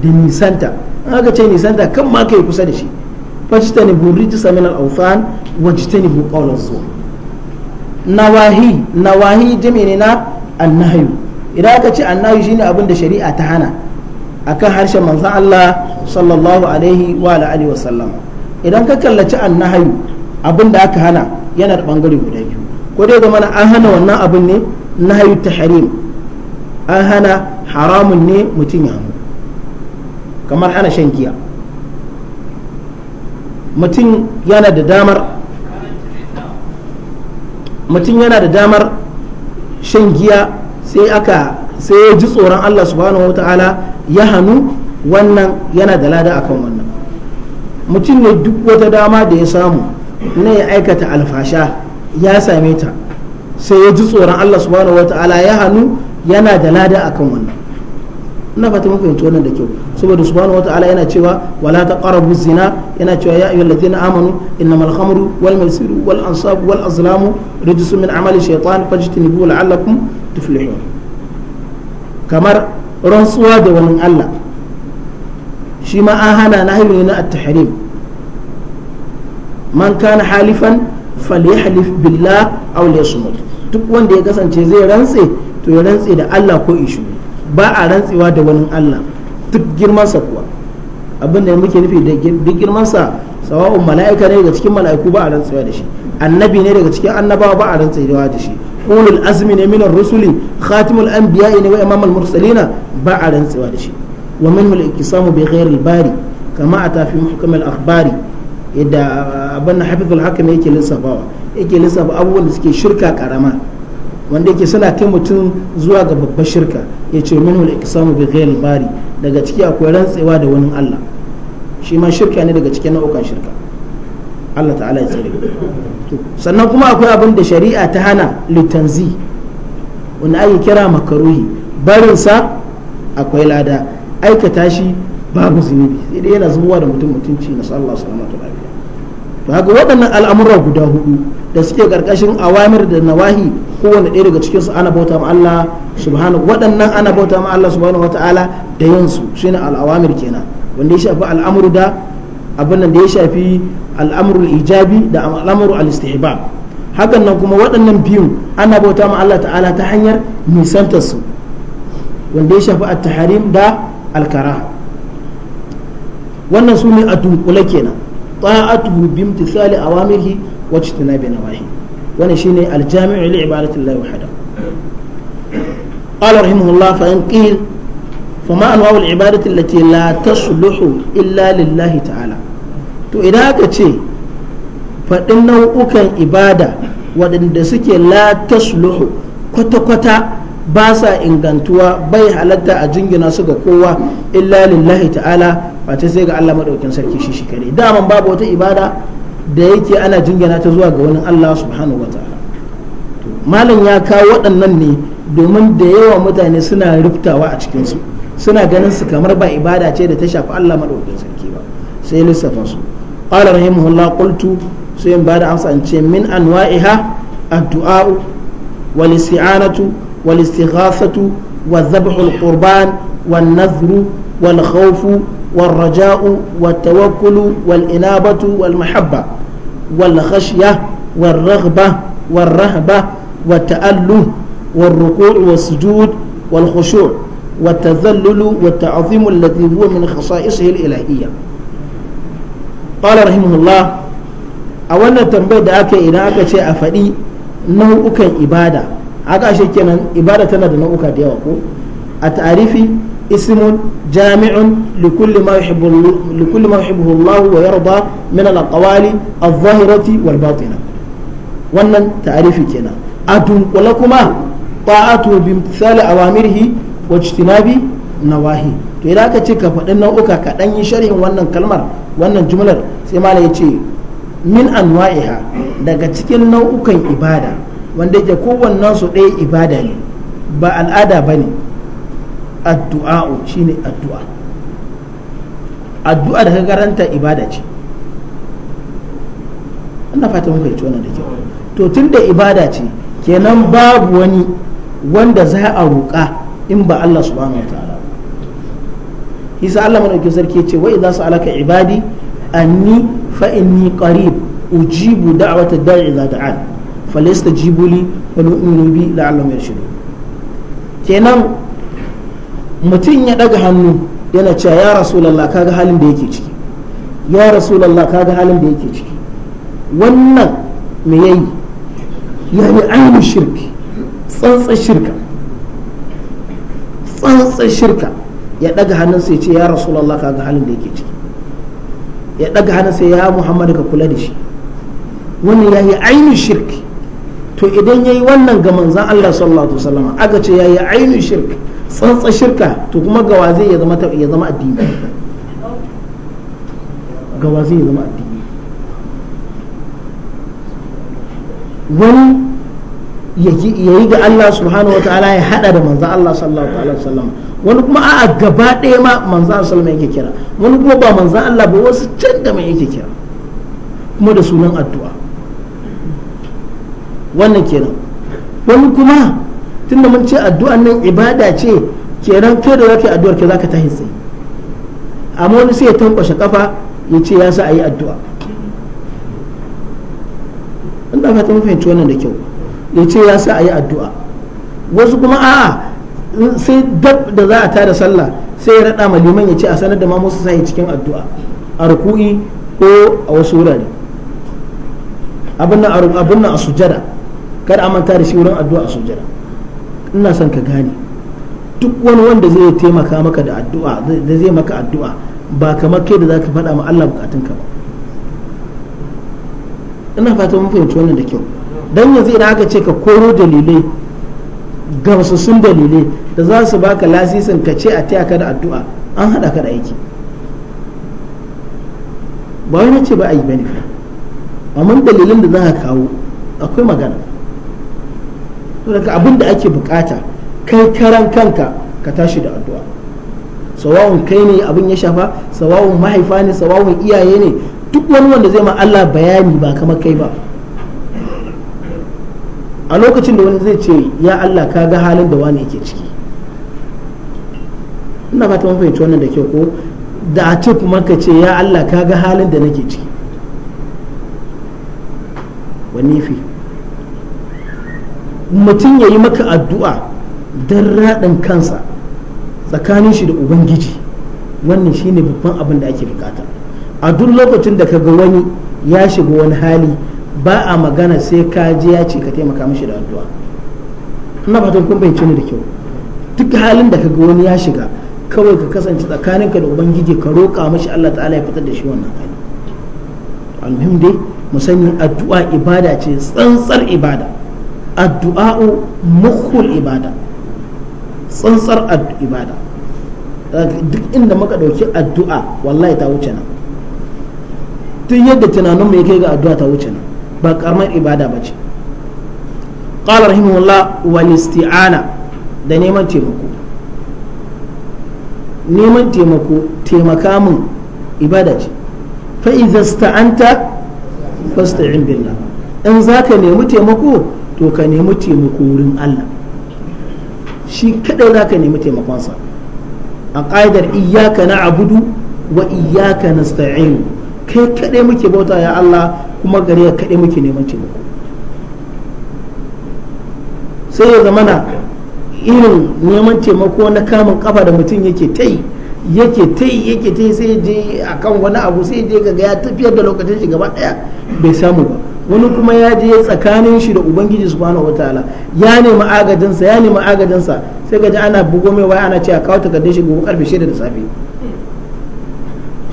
da nisanta an aka ce nisanta kan ma kai kusa da shi fajtani rijsa min al-awthan wajtanibu qawlan zuwa nawahi nawahi jami ne na annahayu idan aka ce annahayu shine abin da shari'a ta hana akan harshen manzon Allah sallallahu alaihi wa alihi wa sallam idan ka kallaci annahayu abin da aka hana yana da bangare guda biyu ko dai mana an hana wannan abin ne nahayu tahrim an hana haramun ne mutum ya hannu kamar hana shan giya mutum yana da damar mutum yana da damar shan giya sai aka sai ya ji tsoron Allah subhanahu wataala ya hannu wannan yana da lada akan wannan mutum ne duk wata dama da ya samu na ya aikata alfasha ya same ta sai ya ji tsoron Allah subhanahu wataala ya hannu yana da lada akan wannan ina fata mun fahimci wannan da kyau saboda subhanahu wataala yana cewa wala taqrabu zina yana cewa ya ayyuhal ladina amanu innamal khamru wal maisiru wal ansabu wal azlamu rijsun min amali shaytan fajtanibu la'allakum tuflihun kamar rantsuwa da wani Allah shi ma an hana na ne na at-tahrim man kana halifan falyahlif billah aw liyasmut duk wanda ya kasance zai rantse to ya rantse da Allah ko ishu ba a rantsewa da wani Allah duk girmansa kuwa abin da muke nufi duk girmansa sawa'un mala'ika ne daga cikin mala'iku ba a rantsewa da shi annabi ne daga cikin annabawa ba a rantsewa da shi ulul azmi ne minar rusuli khatimul anbiya ne wa imamul mursalina ba a rantsewa da shi wa minhu al bi ghayr bari kama ata fi muhkam al-akhbari yadda abin hafizul hakim yake lissafawa yake lissafa abubuwan da suke shirka karama wanda yake suna kai mutum zuwa ga babbar shirka ya ce minhul iqsamu bi ghayr bari daga ciki akwai rantsewa da wani Allah shi ma shirka ne daga cikin nau'ukan shirka Allah ta'ala ya tsere sannan kuma akwai abin da shari'a ta hana litanzi wanda ake kira makaruhi barinsa akwai lada aikata shi babu zunubi sai dai yana zubowa da mutum mutunci na sallallahu alaihi wasallam to haka waɗannan al'amura guda hudu da suke ƙarƙashin awamir da nawahi kowane ɗaya daga cikinsu ana bauta ma Allah subhanahu waɗannan ana bauta ma Allah subhanahu wataala da yin su ne al'awamir kenan wanda ya shafi al'amuru da abin da ya shafi al'amuru ijabi da al'amuru al-istihbab hakan nan kuma waɗannan biyun ana bauta ma Allah ta'ala ta hanyar nisantar su wanda ya shafi at-tahrim da al wannan su ne a dunkule kenan ta'atuhu bi imtithali wa ijtinabi nawahi wannan shine al-jami'u li wahda qala rahimahullah fa in qil to idan aka ce faɗin nau'ukan ibada waɗanda suke la tasluhu kwata-kwata ba sa ingantuwa bai halatta a jingina su ga kowa illa lillahi ta'ala wata sai ga Allah madaukin sarki shi shi kare daman babu wata ibada da yake ana jingina ta zuwa ga wani Allah subhanahu wa ta'ala malam ya kawo waɗannan ne domin da yawa mutane suna riftawa a cikin su suna ganin su kamar ba ibada ce da ta shafi Allah madaukin sarki ba sai lissafa su qala rahimahullah qultu sai in bada amsa an ce min anwa'iha addu'a wal isti'anatu والاستغاثة وذبح القربان والنذر والخوف والرجاء والتوكل والإنابة والمحبة والخشية والرغبة والرهبة والتأله والركوع والسجود والخشوع والتذلل والتعظيم الذي هو من خصائصه الإلهية قال رحمه الله أولا تنبيه دعاك إلى أكتش أفدي نوعك إبادة haka shi kenan ibada tana da nau'uka da yawa ko a ta'arifi ismun jami'un likulli ma yuhibbu Allah wa yarda min al-aqwali adh-dhahirati wal wannan ta'arifi kenan a dunkula kuma ta'atu bi misali awamirihi wa ijtinabi nawahi to idan aka ce ka faɗi nau'uka ka ɗan yi sharhin wannan kalmar wannan jumlar sai mala ya ce min anwa'iha daga cikin nau'ukan ibada wanda ke kowannen su ɗaya ibada ne ba al'ada ba ne addu'a'u ne addu'a addu'a da karanta ibada ce ina fata muka yi wannan da kyau to tun da ibada ce kenan babu wani wanda za a roƙa in ba Allah subhanahu wa ta'ala isa Allah ke sarki ce wa idza sa'alaka ibadi anni fa inni qarib ujibu da'wata da'i idza da'an falista jibuli wani da la'allam ya shiru kenan mutum ya daga hannu yana cewa ya rasulallah kaga halin da yake ciki ya rasulallah kaga halin da yake ciki wannan me ya yi? ya yi ainihin shirki tsantsan shirka tsantsan shirka ya daga hannun sai ce ya rasulallah kaga halin da yake ciki ya daga hannun sai ya muhammad ka kula da shi wannan ya yi ainihin shirki to idan yayi wannan ga manzan Allah sallallahu alaihi wasallam aka ya yi ainihin shirka tsantsa shirka to kuma gawa zai ya zama ya zama addini zai addini wani ya yi ga Allah subhanahu ta'ala ya hada da manzan Allah sallallahu alaihi wasallam wani kuma a gaba ɗaya ma manzan Allah sallallahu yake kira wani kuma ba manzan Allah ba wasu can da mai yake kira kuma da sunan addu'a wannan kenan wani kuma tunda mun ce addu'an nan ibada ce kenan kai da zaka yi addu'ar ka zaka tahi tsaye amma wani sai ya tankwashe kafa ya ce ya sa a yi addu'a ina fata mun fahimci wannan da kyau ya ce ya sa a yi addu'a wasu kuma a'a sai dab da za a tada sallah sai ya raɗa ma liman ya ce a sanar da ma musu sai cikin addu'a a ruku'i ko a wasu wurare abin nan a sujada kada a manta da shi wurin addu'a a sujada ina son ka gane duk wani wanda zai taimaka maka da addu'a da zai maka addu'a ba kamar kai da zaka faɗa ma Allah bukatunka ba ina fata mun fahimci wannan da kyau dan yanzu idan aka ce ka koro dalilai gamsassun dalilai da za su baka lasisin ka ce a taya ka da addu'a an haɗa ka da aiki ba wani ce ba a yi bane amma dalilin da za ka kawo akwai magana saboda abin da ake bukata kai karan kanka ka tashi da addu'a sawawun kai ne abin ya shafa sawawun mahaifa ne sawawun iyaye ne duk wani wanda zai ma Allah bayani ba kamar kai ba a lokacin da wani zai ce ya Allah ka ga halin da wani yake ciki ina fata mun fahimci wannan da kyau ko da a ce kuma ka ce ya Allah ka ga halin da nake ciki wani fi mutum ya yi maka addu'a don raɗin kansa tsakanin shi da ubangiji wannan shi ne babban abin da ake bukata a duk lokacin da ka ga wani ya shiga wani hali ba a magana sai ka je ya ce ka taimaka mashi da addu'a ina fatan kun bayyance ni da kyau duk halin da ka ga wani ya shiga kawai ka kasance tsakanin ka da ubangiji ka roƙa mashi Allah ta'ala ya fitar da shi wannan hali alhamdulillah mu sani addu'a ibada ce tsantsar ibada addu'a'u mukhul ibada tsantsar ibada duk inda muka dauki addu'a wallahi ta wuce nan tun yadda tunanin mu yake ga addu'a ta wuce nan ba karamar ibada ba ce qala rahimahullah wal isti'ana da neman taimako neman taimako taimaka mun ibada ce fa idza sta'anta fasta'in billah in zaka nemi taimako to ka nemi taimako wurin Allah shi kadai za ka nemi taimakonsa a ƙa'idar iyaka na abudu wa iyaka na sta'inu kai kadai muke bauta ya Allah kuma gare ka kadai muke neman taimako sai ya zamana irin neman taimako na kamun kafa da mutum yake ta yi yake ta yi yake ta yi sai je akan wani abu sai je ga ya tafiyar da lokacin shi gaba daya bai samu ba wani kuma ya je tsakanin shi da ubangiji subhanahu wataala ya nemi agajinsa ya nemi agajinsa sai gaji ana bugo mai waya ana cewa kawo takardar shi gobe karfe shida da safe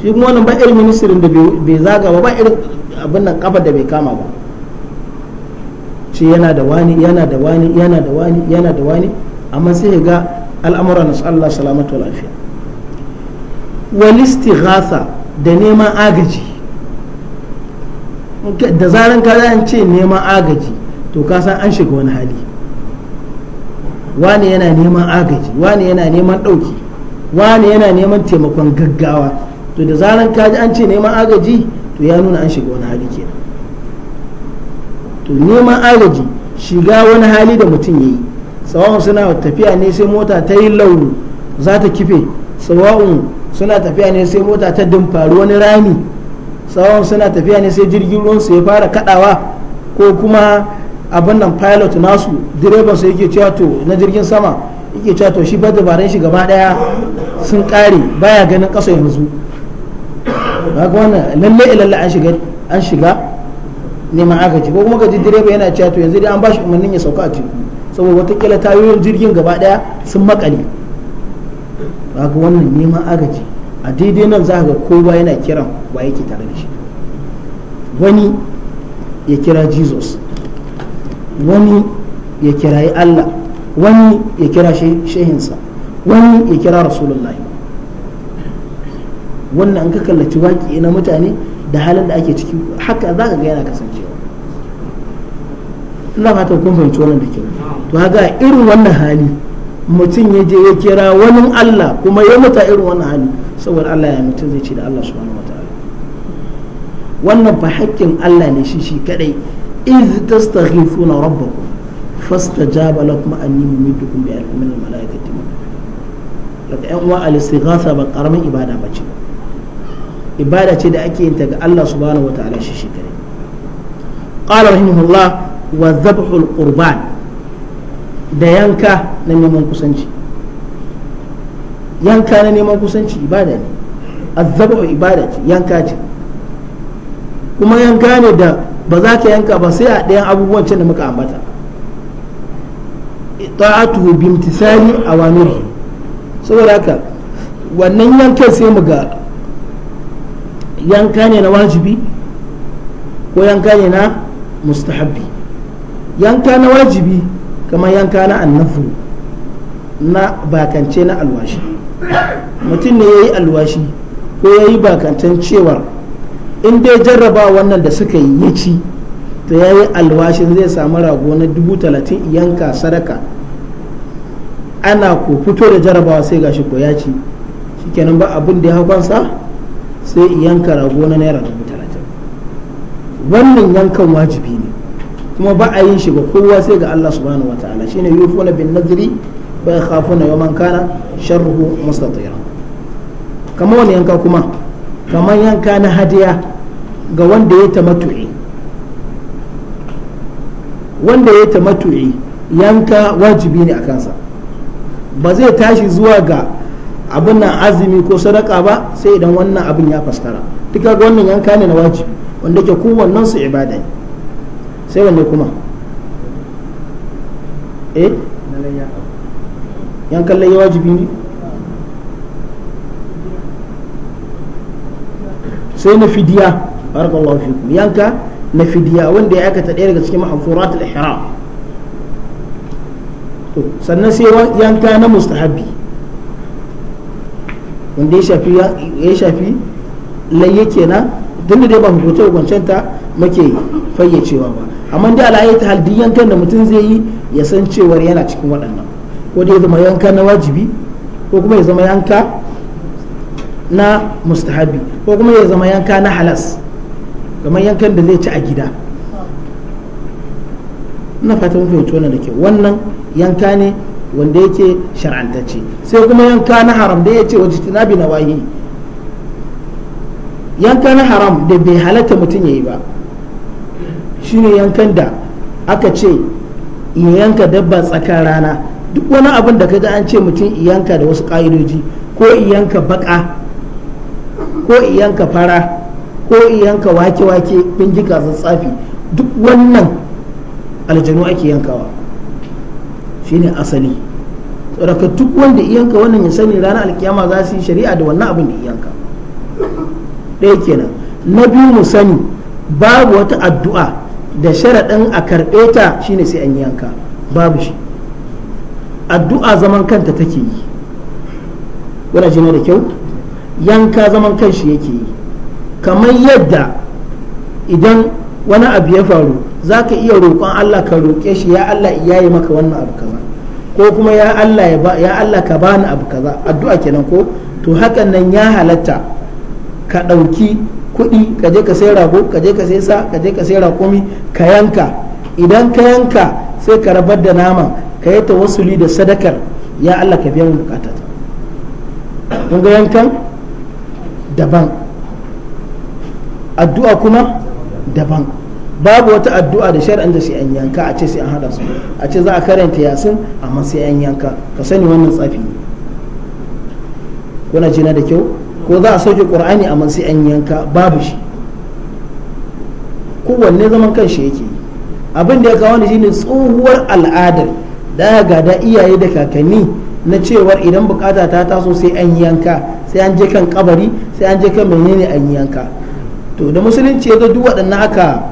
shi kuma wannan ba irin ministirin da bai zaga ba ba irin abin nan kafa da bai kama ba shi yana da wani yana da wani yana da wani yana da wani amma sai ga al'amuran nasu Allah salamatu lafiya wal istighatha da neman agaji da zaran ka an ce neman agaji to ka san an shiga wani hali wani yana neman agaji wani yana neman ɗauki wani yana neman taimakon gaggawa to da zaran ka ji an ce neman agaji to ya nuna an shiga wani hali kenan to neman agaji shiga wani hali da mutum ya yi tsawon suna tafiya ne sai mota ta yi lauru za ta kife tsawon suna tafiya ne sai mota ta dumfari wani rami tsawon suna tafiya ne sai jirgin ruwan su ya fara kadawa ko kuma abin nan pilot nasu direban su yake cewa to na jirgin sama yake cewa to shi ba dabarun shi gaba daya sun kare baya ganin kasa yanzu ga wannan lalle lalle an shiga an shiga neman agaji ko kuma gaji direba yana cewa to yanzu dai an bashi umarnin ya sauka a teku saboda watakila tayoyin jirgin gaba daya sun makale ga wannan neman agaji a daidai nan za ga kowa yana kiran wa yake tare da shi wani ya kira jesus wani ya kirayi allah wani ya kira shehinsa wani ya kira rasulullahi wannan an ka kallaci waƙi na mutane da halin da ake ciki haka za ka ga yana kasancewa ina fatan kun fahimci wannan da kyau to haka irin wannan hali mutum ya je ya kira wani Allah kuma ya mutu irin wannan hali saboda Allah ya mutum zai ce da Allah subhanahu wataala wannan fa haƙƙin Allah ne shi shi kadai iz tastaghifuna rabbakum fastajaba lakum anni mumiddukum bi alfin min malaikati daga yan uwa al-istighatha ba karamin ibada ba ce ibada ce da ake yin ta ga Allah subhanahu wataala shi shi kadai qala rahimahullah wa dhabhul qurban da yanka na neman kusanci yanka na neman kusanci ibada ne azzabu ibada ce yanka ce kuma yanka ne da ba za ka yanka ba sai a ɗayan abubuwan can da muka ambata ta'atuhu bimtisali awamiri saboda haka wannan yanka sai mu ga yanka ne na wajibi ko yanka ne na mustahabbi yanka na wajibi kamar yanka na annafu na bakance na alwashi mutum ne ya yi alwashi ko ya yi bakancen cewar in dai jarraba wannan da suka yi ya ci to ya yi alwashin zai samu rago na dubu talatin yanka sadaka ana ko fito da jarrabawa sai gashi ko ya ci shikenan ba abin da ya hakansa sai yanka rago na naira dubu talatin wannan yankan wajibi ne kuma ba a yin shi ba kowa sai ga Allah subhanahu wa ta'ala shine yufuna bin nadri ba yakhafuna yawman kana sharruhu mustatira kamar wani yanka kuma kamar yanka na hadiya ga wanda ya tamattu'i wanda ya tamattu'i yanka wajibi ne a kansa ba zai tashi zuwa ga abin nan azumi ko sadaka ba sai idan wannan abin ya faskara duka ga wannan yanka ne na wajibi wanda ke kowannen su ibada ne sai wanne kuma eh yan kallon ya wajibi ne sai na fidiya barakallahu fikum yanka na fidiya wanda ya aikata ɗaya daga cikin mahfurat al-ihram to sannan sai yanka na mustahabi wanda ya shafi ya shafi layye kenan da dai ba hukunce hukuncen ta muke fayyacewa ba amma dai alayi ta haldi yankan da mutum zai yi ya san cewar yana cikin waɗannan ko da ya zama yanka na wajibi ko kuma ya zama yanka na mustahabi ko kuma ya zama yanka na halas kamar yankan da zai ci a gida ina fata mun fahimci wannan da ke wannan yanka ne wanda yake shar'antacce sai kuma yanka na haram da ya ce wajen tunabi na wahi yanka na haram da bai halatta mutum ya yi ba shine yankan da aka ce yanka dabba tsakar rana duk wani abin da kaga an ce mutum yanka da wasu ƙa'idoji ko yanka baka ko yanka fara ko yanka wake-wake bingika tsafi duk wannan aljanu ake yankawa shine asali tsoraka duk wanda yanka wannan ya sani ranar alkiyama za su yi shari'a da wannan abin da yanka ɗaya kenan na biyu mu sani babu wata addu'a da sharaɗin a karɓe ta shine sai an yanka babu shi addu'a zaman kanta take yi wani jina da kyau yanka zaman kanshi yake yi kamar yadda idan wani abu ya faru za ka iya roƙon Allah ka roƙe shi ya Allah ya yi maka wannan abu kaza ko kuma ya Allah ya Allah ka bani abu kaza addu'a kenan ko to hakan nan ya halatta ka ɗauki kuɗi ka je ka sai rago ka je ka sai sa ka je ka sai raƙumi ka yanka idan ka yanka sai ka rabar da nama ka yi ta wasuli da sadakar ya Allah ka biya mu bukata ta ga yankan daban addu'a kuma daban babu wata addu'a da shari'an da sai an yanka a ce sai an hada su a ce za a karanta yasin amma sai an yanka ka sani wannan tsafi ne kuna jina da kyau ko za a sauke qur'ani a sai an yanka babu shi kowanne zaman kan shi yake abin da ya kawo ni shine tsohuwar al'adar da gada iyaye da kakanni na cewar idan bukata ta taso sai an yanka sai an je kan kabari sai an je kan menene an yanka to da musulunci ya duk waɗannan aka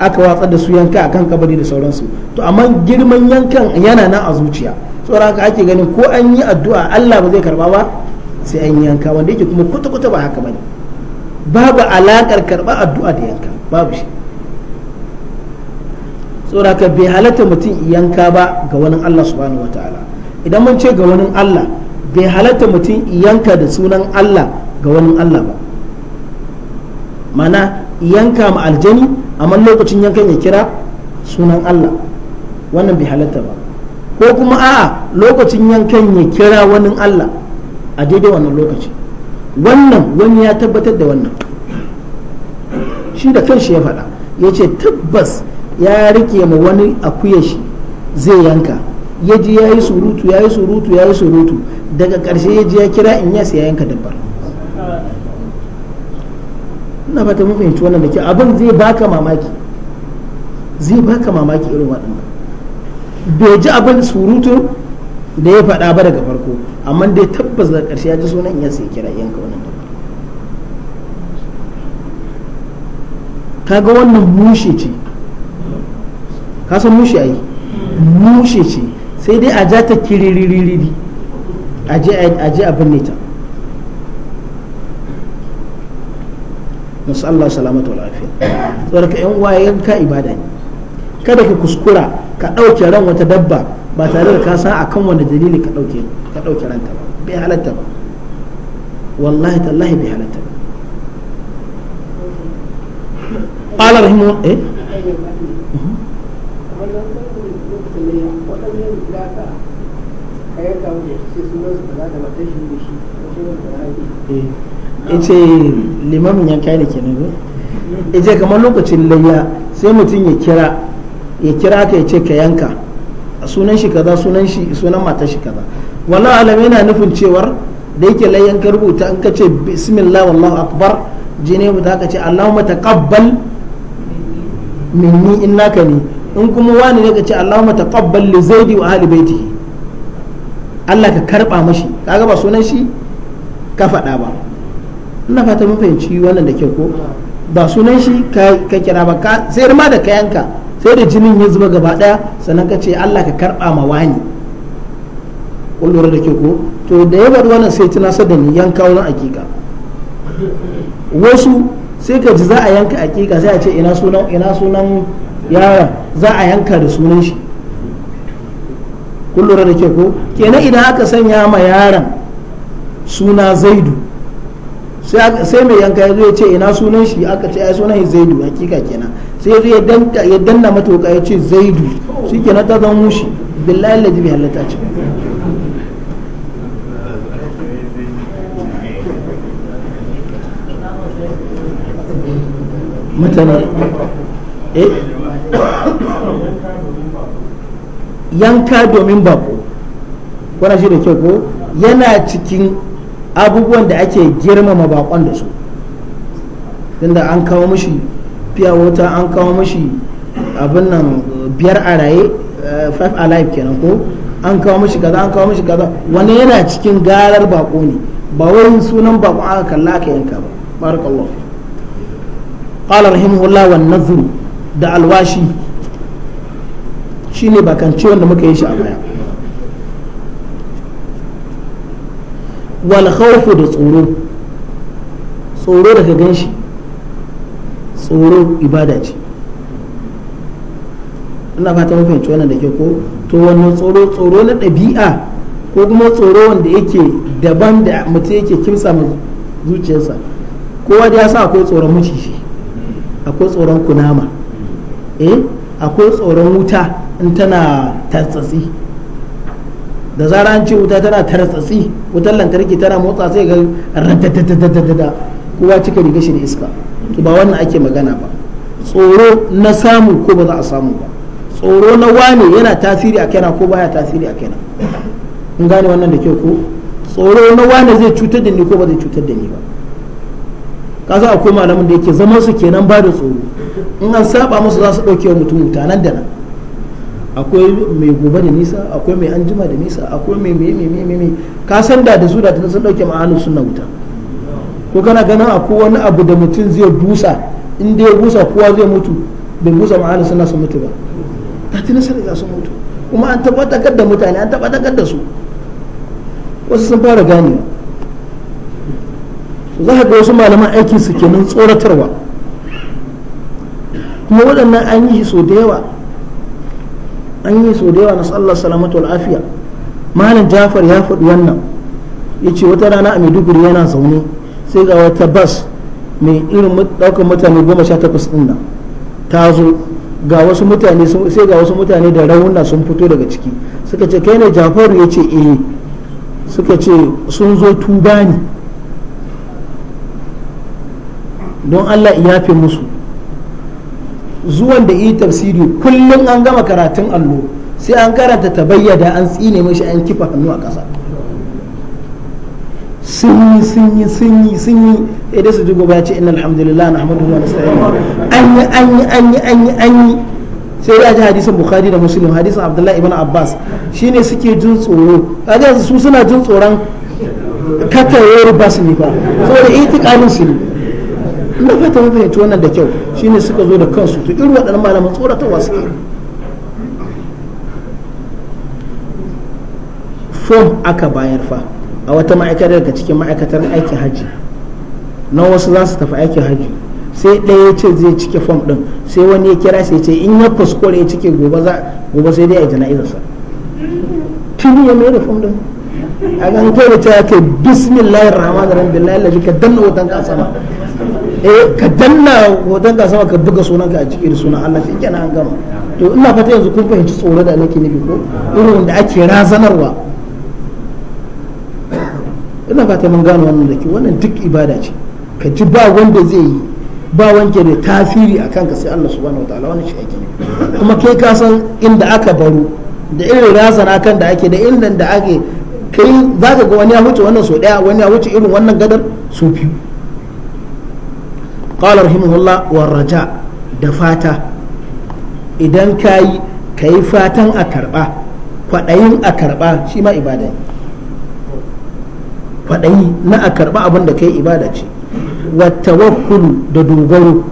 aka watsar da su yanka a kan kabari da sauransu to amma girman yankan yana nan a zuciya saboda haka ake ganin ko an yi addu'a Allah ba zai karba ba sai an yanka wanda yake kuma kuta kuta ba haka bane babu alakar karba addu'a da yanka babu shi tsoraka bai halatta mutum yanka ba ga wani Allah subhanahu wa ta'ala idan mun ce ga wani Allah bai halatta mutum yanka da sunan Allah ga wani Allah ba mana yanka ma aljani amma lokacin yankan ya kira sunan Allah wannan bai halatta ba ko kuma a'a lokacin yankan ya kira wani Allah a daidai wannan lokaci wannan wani ya tabbatar da wannan shi da kanshi ya faɗa ya ce tabbas ya rike ma wani akuya shi zai yanka ya ji ya yi surutu ya yi surutu ya yi surutu daga ƙarshe ya ji ya kira in ya ya yanka dabbar ina fata mun fahimci wannan da ke abin zai baka mamaki zai baka mamaki irin waɗannan bai ji abin surutu da ya faɗa ba daga farko amma dai tabbas da ƙarshe ya ji sunan ya sai kira yanka wannan dabba kaga wannan mushe ce ka san mushe ai mushe ce sai dai a ja ta kiriririri a je a binne ta nasu Allah salamatu wa lafiya tsoraka yan waye ka ibada ne kada ka kuskura ka ɗauke ran wata dabba ba tare da kasa a kan wani dalili ka dauke ka dauke ranta ba bai halatta ba wallahi tallahi bai halatta ba qala rahimu eh, eh. ce limamin ya kai da kenan ne eh? ce kamar lokacin layya sai mutum ya kira ya kira ka ya ce ka yanka sunan shi kaza sunan shi sunan matar shi kaza wala alam yana nufin cewar da yake layyan ka rubuta an ka ce bismillah wallahu akbar jini mu ka ce allahumma taqabbal minni innaka ni in kuma wani ne kace ce allahumma taqabbal li zaidi wa ahli baitihi Allah ka karba mashi kaga ba sunan shi ka faɗa ba ina fata mun fahimci wannan da kyau ko ba sunan shi ka kira ba sai ma da kayanka sai da jinin ya zuba gaba daya sannan ka ce Allah ka karba ma wani kun lura da ke ko to da ya bari wannan sai tunasar da ni yanka wani akika wasu sai ka ji za a yanka akika sai a ce ina sunan ina sunan yaron za a yanka da sunan shi kun lura da ke ko kenan idan aka sanya ma yaron suna zaidu sai mai yanka ya zo ya ce ina sunan shi aka ce ai sunan shi zaidu hakika kenan sai ya ya danna mata ya ce zaidu shi na ta zan mushi billahi ladi bai halatta ce mutanen eh? yanka domin bako kuna shi da kyau ko yana cikin abubuwan da ake girmama bakon da su tunda an kawo mashi fiya wata an kawo mashi abin nan biyar a raye eh, five alive kenan ko an kawo mashi kaza an kawo mashi kaza wani yana cikin garar bako ne ba wai sunan bako aka kalla aka yanka ba barakallahu qala rahimahullah wan nazr da alwashi shine bakan ciwon da muka yi shi a baya wal khawfu da tsoro tsoro daga ganshi tsoro ibada ce ina fata mun fahimci wannan da ke ko to wannan tsoro tsoro na ɗabi'a ko kuma tsoro wanda yake daban da mutum yake kimsa zuciyarsa kowa da ya sa akwai tsoron maciji akwai tsoron kunama eh akwai tsoron wuta in tana tatsatsi da zara an ce wuta tana tartsatsi wutar lantarki tana motsa sai ga rantatatatatata kowa cika riga shi da iska to ba wannan ake magana ba tsoro na samu ko ba za a samu ba tsoro na wane yana tasiri a kaina ko baya tasiri a kaina in gane wannan da kyau ko tsoro na wane zai cutar da ni ko ba zai cutar da ni ba ka kaza akwai malamin da yake zaman su kenan ba da tsoro in an saba musu za su ɗauke wa mutum wuta nan da nan akwai mai gobe da nisa akwai mai anjima da nisa akwai mai mai mai mai mai ka san da da su da ta sun dauke ma'anin suna wuta ko kana ganin akwai wani abu da mutum zai dusa in dai ya busa kowa zai mutu bai busa ma'anin suna sun mutu ba ta tina sani za sun mutu kuma an tabbatar da mutane an tabbatar da su wasu sun fara gane za ka ga wasu malaman aikin su kenan tsoratarwa kuma waɗannan an yi so da yawa an yi so da yawa na Allah salamatu al'afiya malam Jafar ya faɗi wannan ce wata rana a Maiduguri yana zaune sai ga wata bas mai irin ɗaukar mutane goma sha takwas ɗin nan ta zo ga wasu mutane sai ga wasu mutane da rauna sun fito daga ciki suka ce kai ne Jafaru ce eh suka ce sun zo tuba ne don Allah ya fi musu zuwan da yi tafsiri kullum an gama karatun allo sai an karanta ta bayyada an tsine mashi an kifa hannu a ƙasa sun yi sun yi sun yi sun yi idan su ji gobe ya ce inna alhamdulillah na hamadu wa nasta'in an yi an yi an yi an yi an yi sai ya ji hadisin bukhari da muslim hadisin abdullahi ibn abbas shine suke jin tsoro kaga su suna jin tsoron katayar bas ne fa saboda itiqalin su ne ina fata mun fahimci wannan da kyau shine suka zo da kansu to irin waɗannan malaman tsoratarwa suke fom aka bayar fa a wata ma'aikatar daga cikin ma'aikatar aikin hajji na wasu za su tafi aikin hajji sai ɗaya ya ce zai cike fom ɗin sai wani ya kira sai ce in ya kuskure ya cike gobe sai dai a sa tuni ya mai da fom ɗin a gan kai da ta yake bismillahir rahmanir rahim billahi ka danna wutan ka sama eh ka danna hoton ka sama ka buga sunan ka a cikin sunan Allah shi kenan an gama to ina fata yanzu kun fahimci tsoro da nake nufi ko irin da ake razanarwa ina fata mun gano wannan da ke wannan duk ibada ce ka ji ba wanda zai yi ba wanke da tasiri a kanka sai Allah subhanahu wa ta'ala wannan shi ake nufi kuma kai ka san inda aka baro da irin razana kan da ake da inda da ake kai za ka ga wani ya wuce wannan so daya wani ya wuce irin wannan gadar so biyu qala rahimahullah wa raja da fata idan kayi kayi fatan a karba kwaɗayin a karba shi ma ibada ne kwaɗayi na a karba abin da yi ibada ce wa tawakkulu da dogaro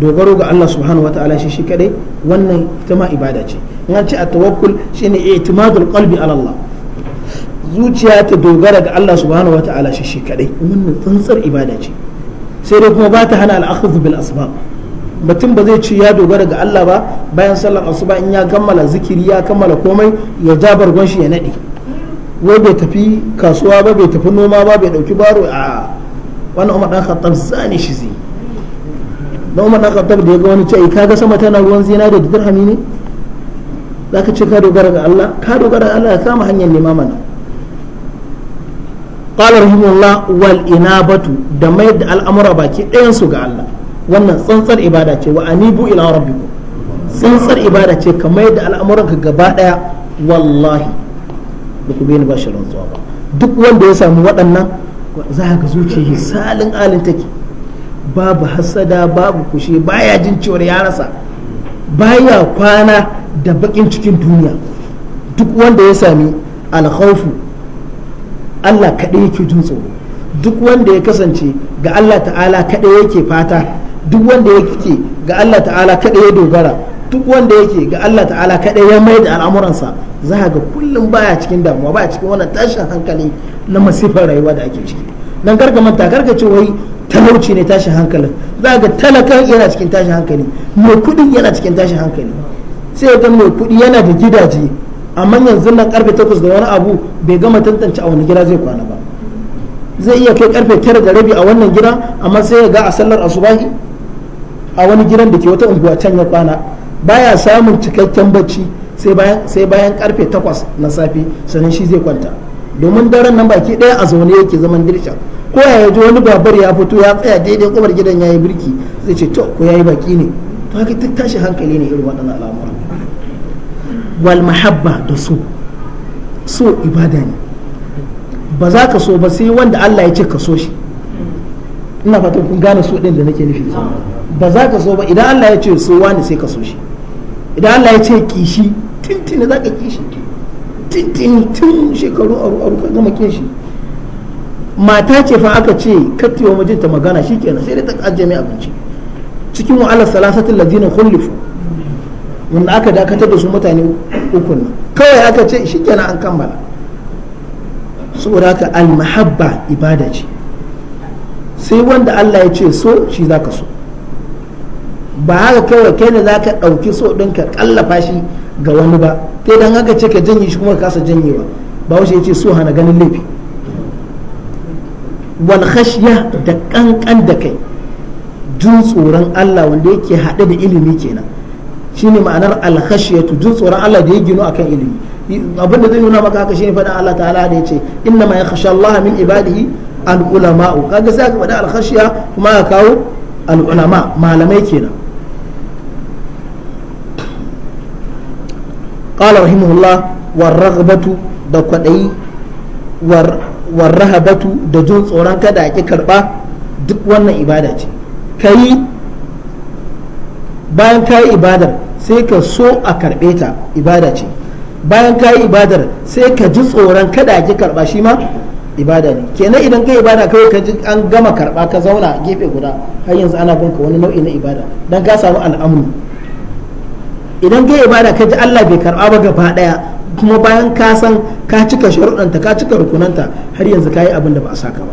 dogaro ga Allah subhanahu wa ta'ala shi shi kadai wannan ita ma ibada ce in an ce a tawakkul shine i'timadul qalbi ala Allah zuciya ta dogara ga Allah subhanahu wa ta'ala shi shi kadai wannan tsantsar ibada ce sai dai kuma ba ta hana al'akhudhu bil asbab mutum ba zai ci ya dogara ga Allah ba bayan sallar asuba in ya kammala zikiri ya kammala komai ya ja bargon shi ya nade wai bai tafi kasuwa ba bai tafi noma ba bai dauki baro a wani umar dan khattab zani shi zai dan umar dan khattab da ya ga wani ce kaga sama tana ruwan zina da dirhami ne zaka ce ka dogara ga Allah ka dogara ga Allah ka kama hanyar nema mana qala rahimullah wal inabatu da mai da al'amura baki ɗayan ga Allah wannan tsantsar ibada ce wa anibu ila rabbikum tsantsar ibada ce kamar mai da al'amuranka gaba ɗaya wallahi ba ku ni ba rantsuwa ba duk wanda ya samu waɗannan za ka zuciya salin alin take babu hasada babu kushe baya jin cewar ya rasa baya kwana da bakin cikin duniya duk wanda ya sami alkhawfu Allah kaɗai yake jin tsoro duk wanda ya kasance ga Allah ta'ala kaɗai yake fata duk wanda yake ga Allah ta'ala kaɗai ya dogara duk wanda yake ga Allah ta'ala kaɗai ya mai da al'amuransa za a ga kullum baya cikin damuwa baya cikin wannan tashin hankali na masifar rayuwa da ake ciki nan karka manta karka ce wai talauci ne tashin hankalin za ga talakan yana cikin tashin hankali mai kuɗin yana cikin tashin hankali sai ga mai kuɗi yana da gidaje amma yanzu nan karfe takwas da wani abu bai gama tantance a wani gida zai kwana ba zai iya kai karfe tara da rabi a wannan gida amma sai ya ga a sallar asubahi a wani gidan da ke wata unguwa can ya kwana baya samun cikakken bacci sai bayan karfe takwas na safe sannan shi zai kwanta domin daren nan baki ɗaya a zaune yake zaman dirshan ko ya ji wani babar ya fito ya tsaya daidai kwabar gidan ya yi birki zai ce to ko ya yi baki ne to haka tashi hankali ne irin waɗannan al'amuran wal da so so ibada ne ba za ka so ba sai wanda Allah ya ce ka so shi ina fatan kun gane so ɗin da nake nufi ba za ka so ba idan Allah ya ce so wani sai ka so shi idan Allah ya ce kishi tintini za ka kishi tintini tun shekaru aru aru ka gama kishi mata ce fa aka ce kattiwa mijinta magana shikenan sai dai ta ajiye mai abinci cikin wa'alar salasatin ladina khulifu wanda aka dakatar da su mutane ukun kawai aka ce shi kenan an kammala saboda haka almahabba ibada ce sai wanda Allah ya ce so shi za ka so ba haka kawai kai ne za ka ɗauki so ɗin ka ƙallafa shi ga wani ba sai dan haka ce ka janye shi kuma ka kasa janye ba wace ya ce so hana ganin laifi wal khashya da ƙanƙan da kai jin tsoron Allah wanda yake haɗe da ilimi kenan shine ma'anar al-khashiyatu jin tsoron Allah da ya gino akan ilimi abin da zai nuna maka haka shine faɗin Allah ta'ala da yace inna ma yakhsha Allah min ibadihi al-ulama'u kaga sai ka faɗi al kuma ka kawo al'ulama malamai kenan قال رحمه الله da دقدي tsoron kada ki karba duk wannan ibada ce كي bayan ka yi ibadar sai ka so a karbe ta ibada ce bayan ka yi ibadar sai ka ji tsoron kada ki karɓa shi ma ibada ne kenan idan ka ibada kawai ka ji an gama karɓa ka zauna gefe guda har yanzu ana bin ka wani nau'i na ibada dan ka samu al'amun idan ka ibada ka ji Allah bai karba ba gaba daya kuma bayan ka san ka cika sharuɗanta ka cika rukunanta har yanzu ka yi abin da ba a saka ba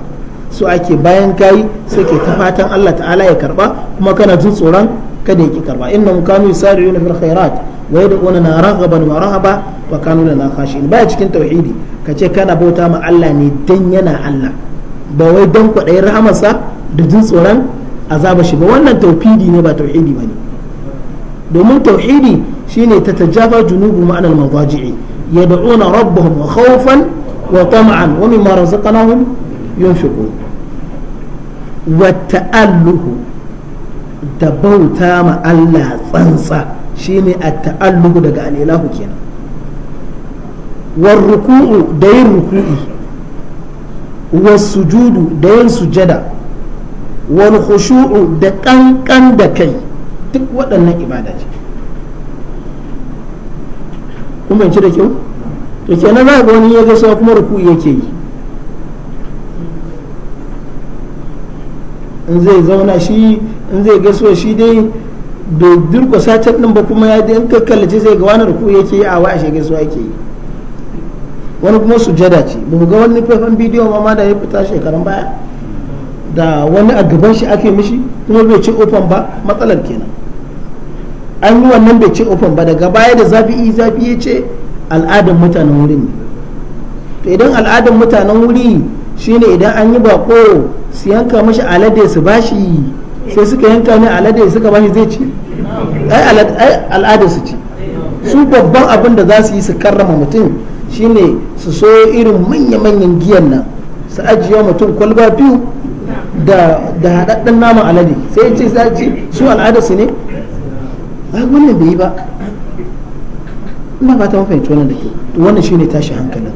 so ake bayan kayi sai ke ta fatan Allah ta'ala ya karba kuma kana jin tsoron kada ya ki karba mu kanu yusari'una fil khairat wa yad'una raghaban wa rahaba wa kanu lana khashin ba cikin tauhidi ce kana bauta ma Allah ne dan yana Allah ba wai dan kwaɗayin rahamarsa da jin tsoron azaba shi ba wannan tauhidi ne ba tauhidi ba ne domin tauhidi shine ta tajafa junubu ma'anar mazaji'i yad'una rabbahum khawfan wa tam'an wa mimma razaqnahum yunfiqun wa ta'alluhu da bauta ma Allah tsantsa shine a ta'allugu daga alilahu kenan war ruku'u da yin ruku'i was sujudu da yin sujada wal khushu'u da kankan da kai duk waɗannan ibada ce kuma da kyau to kenan za ga wani ya gasa kuma ruku'i yake yi in zai zauna shi in zai gaisuwa shi dai da durko can din ba kuma ya dai kakkalace zai ga wani ruku yake yi a wa ashe gaisuwa yake yi wani kuma sujada ce ba ga wani faifan bidiyo ma ma da ya fita shekaran baya da wani a gaban shi ake mishi kuma bai ce open ba matsalar kenan an yi wannan bai ce open ba daga baya da zafi yi zafi ya ce al'adar mutanen wurin ne to idan al'adar mutanen wuri shine idan an yi bako su yanka mashi alade su bashi sai suka yanka ne alade suka bashi zai ci ai al'ada su ci su babban abin da za su yi su karrama mutum shine su so irin manya-manyan giyan nan su ajiye mutum kwalba biyu da haɗaɗɗen naman alade sai ce za ci su al'ada su ne ai wannan bai yi ba ina fata mun fahimci wannan da ke wannan shine tashi hankalin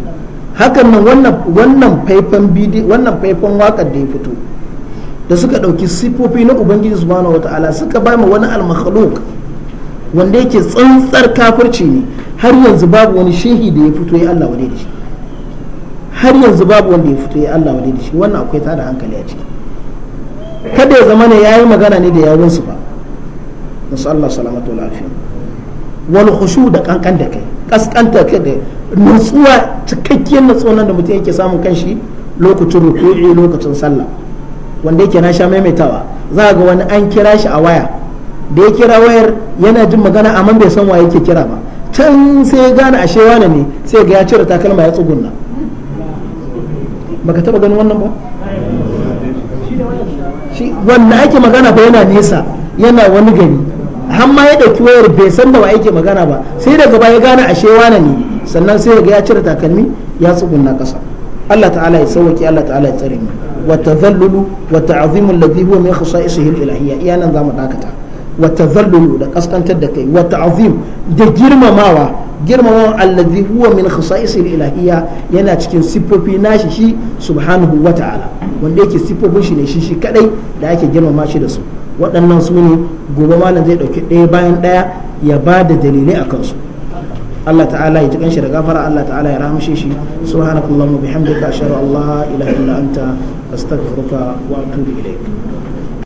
hakan nan wannan faifan bidiyo wannan faifan waƙar da ya fito da suka ɗauki siffofi na ubangiji subhanahu wata'ala suka ba mu wani al-makhluq wanda yake tsantsar kafirci ne har yanzu babu wani shehi da ya fito ya Allah wadai da shi har yanzu babu wanda ya fito ya Allah wadai da shi wannan akwai tada hankali a ciki kada ya zama ne yayi magana ne da yawun su ba nasu Allah salamatu wal afiya wal khushu da kankan da kai kaskanta kai da nutsuwa cikakkiyar nutsuwa nan da mutum yake samun kanshi lokacin ruku'i lokacin sallah wanda yake na sha maimaitawa za ga wani an kira shi a waya da ya kira wayar yana jin magana amma bai san wa yake kira ba can sai ya gane ashe wani ne sai ga ya cire takalma ya tsugunna baka taba ganin wannan ba shi wanda ake magana ba yana nesa yana wani gari har ma ya dauki wayar bai san da wa yake magana ba sai daga baya ya gane ashe wani ne sannan sai ga ya cire takalmi ya tsugunna kasa Allah ta'ala ya sauki Allah ta'ala ya tsare mu watazallulu wata ta'zimu alladhi huwa min khasa'isihi al-ilahiyya iya nan zamu dakata watazallulu da kaskantar da kai wa ta'zim da girmamawa girmama alladhi huwa min khasa'isihi al-ilahiyya yana cikin sifofi nashi shi subhanahu wa ta'ala wanda yake sifofin shi ne shi shi kadai da ake girmama shi da su waɗannan su ne gobe malam zai ɗauki ɗaya bayan ɗaya ya ba da dalilai akan su Allah ta'ala ya tukan shi da gafara Allah ta'ala ya rahamshe shi subhanakallahumma bihamdika ashhadu an la ilaha illa anta astaghfiruka wa atubu ilaik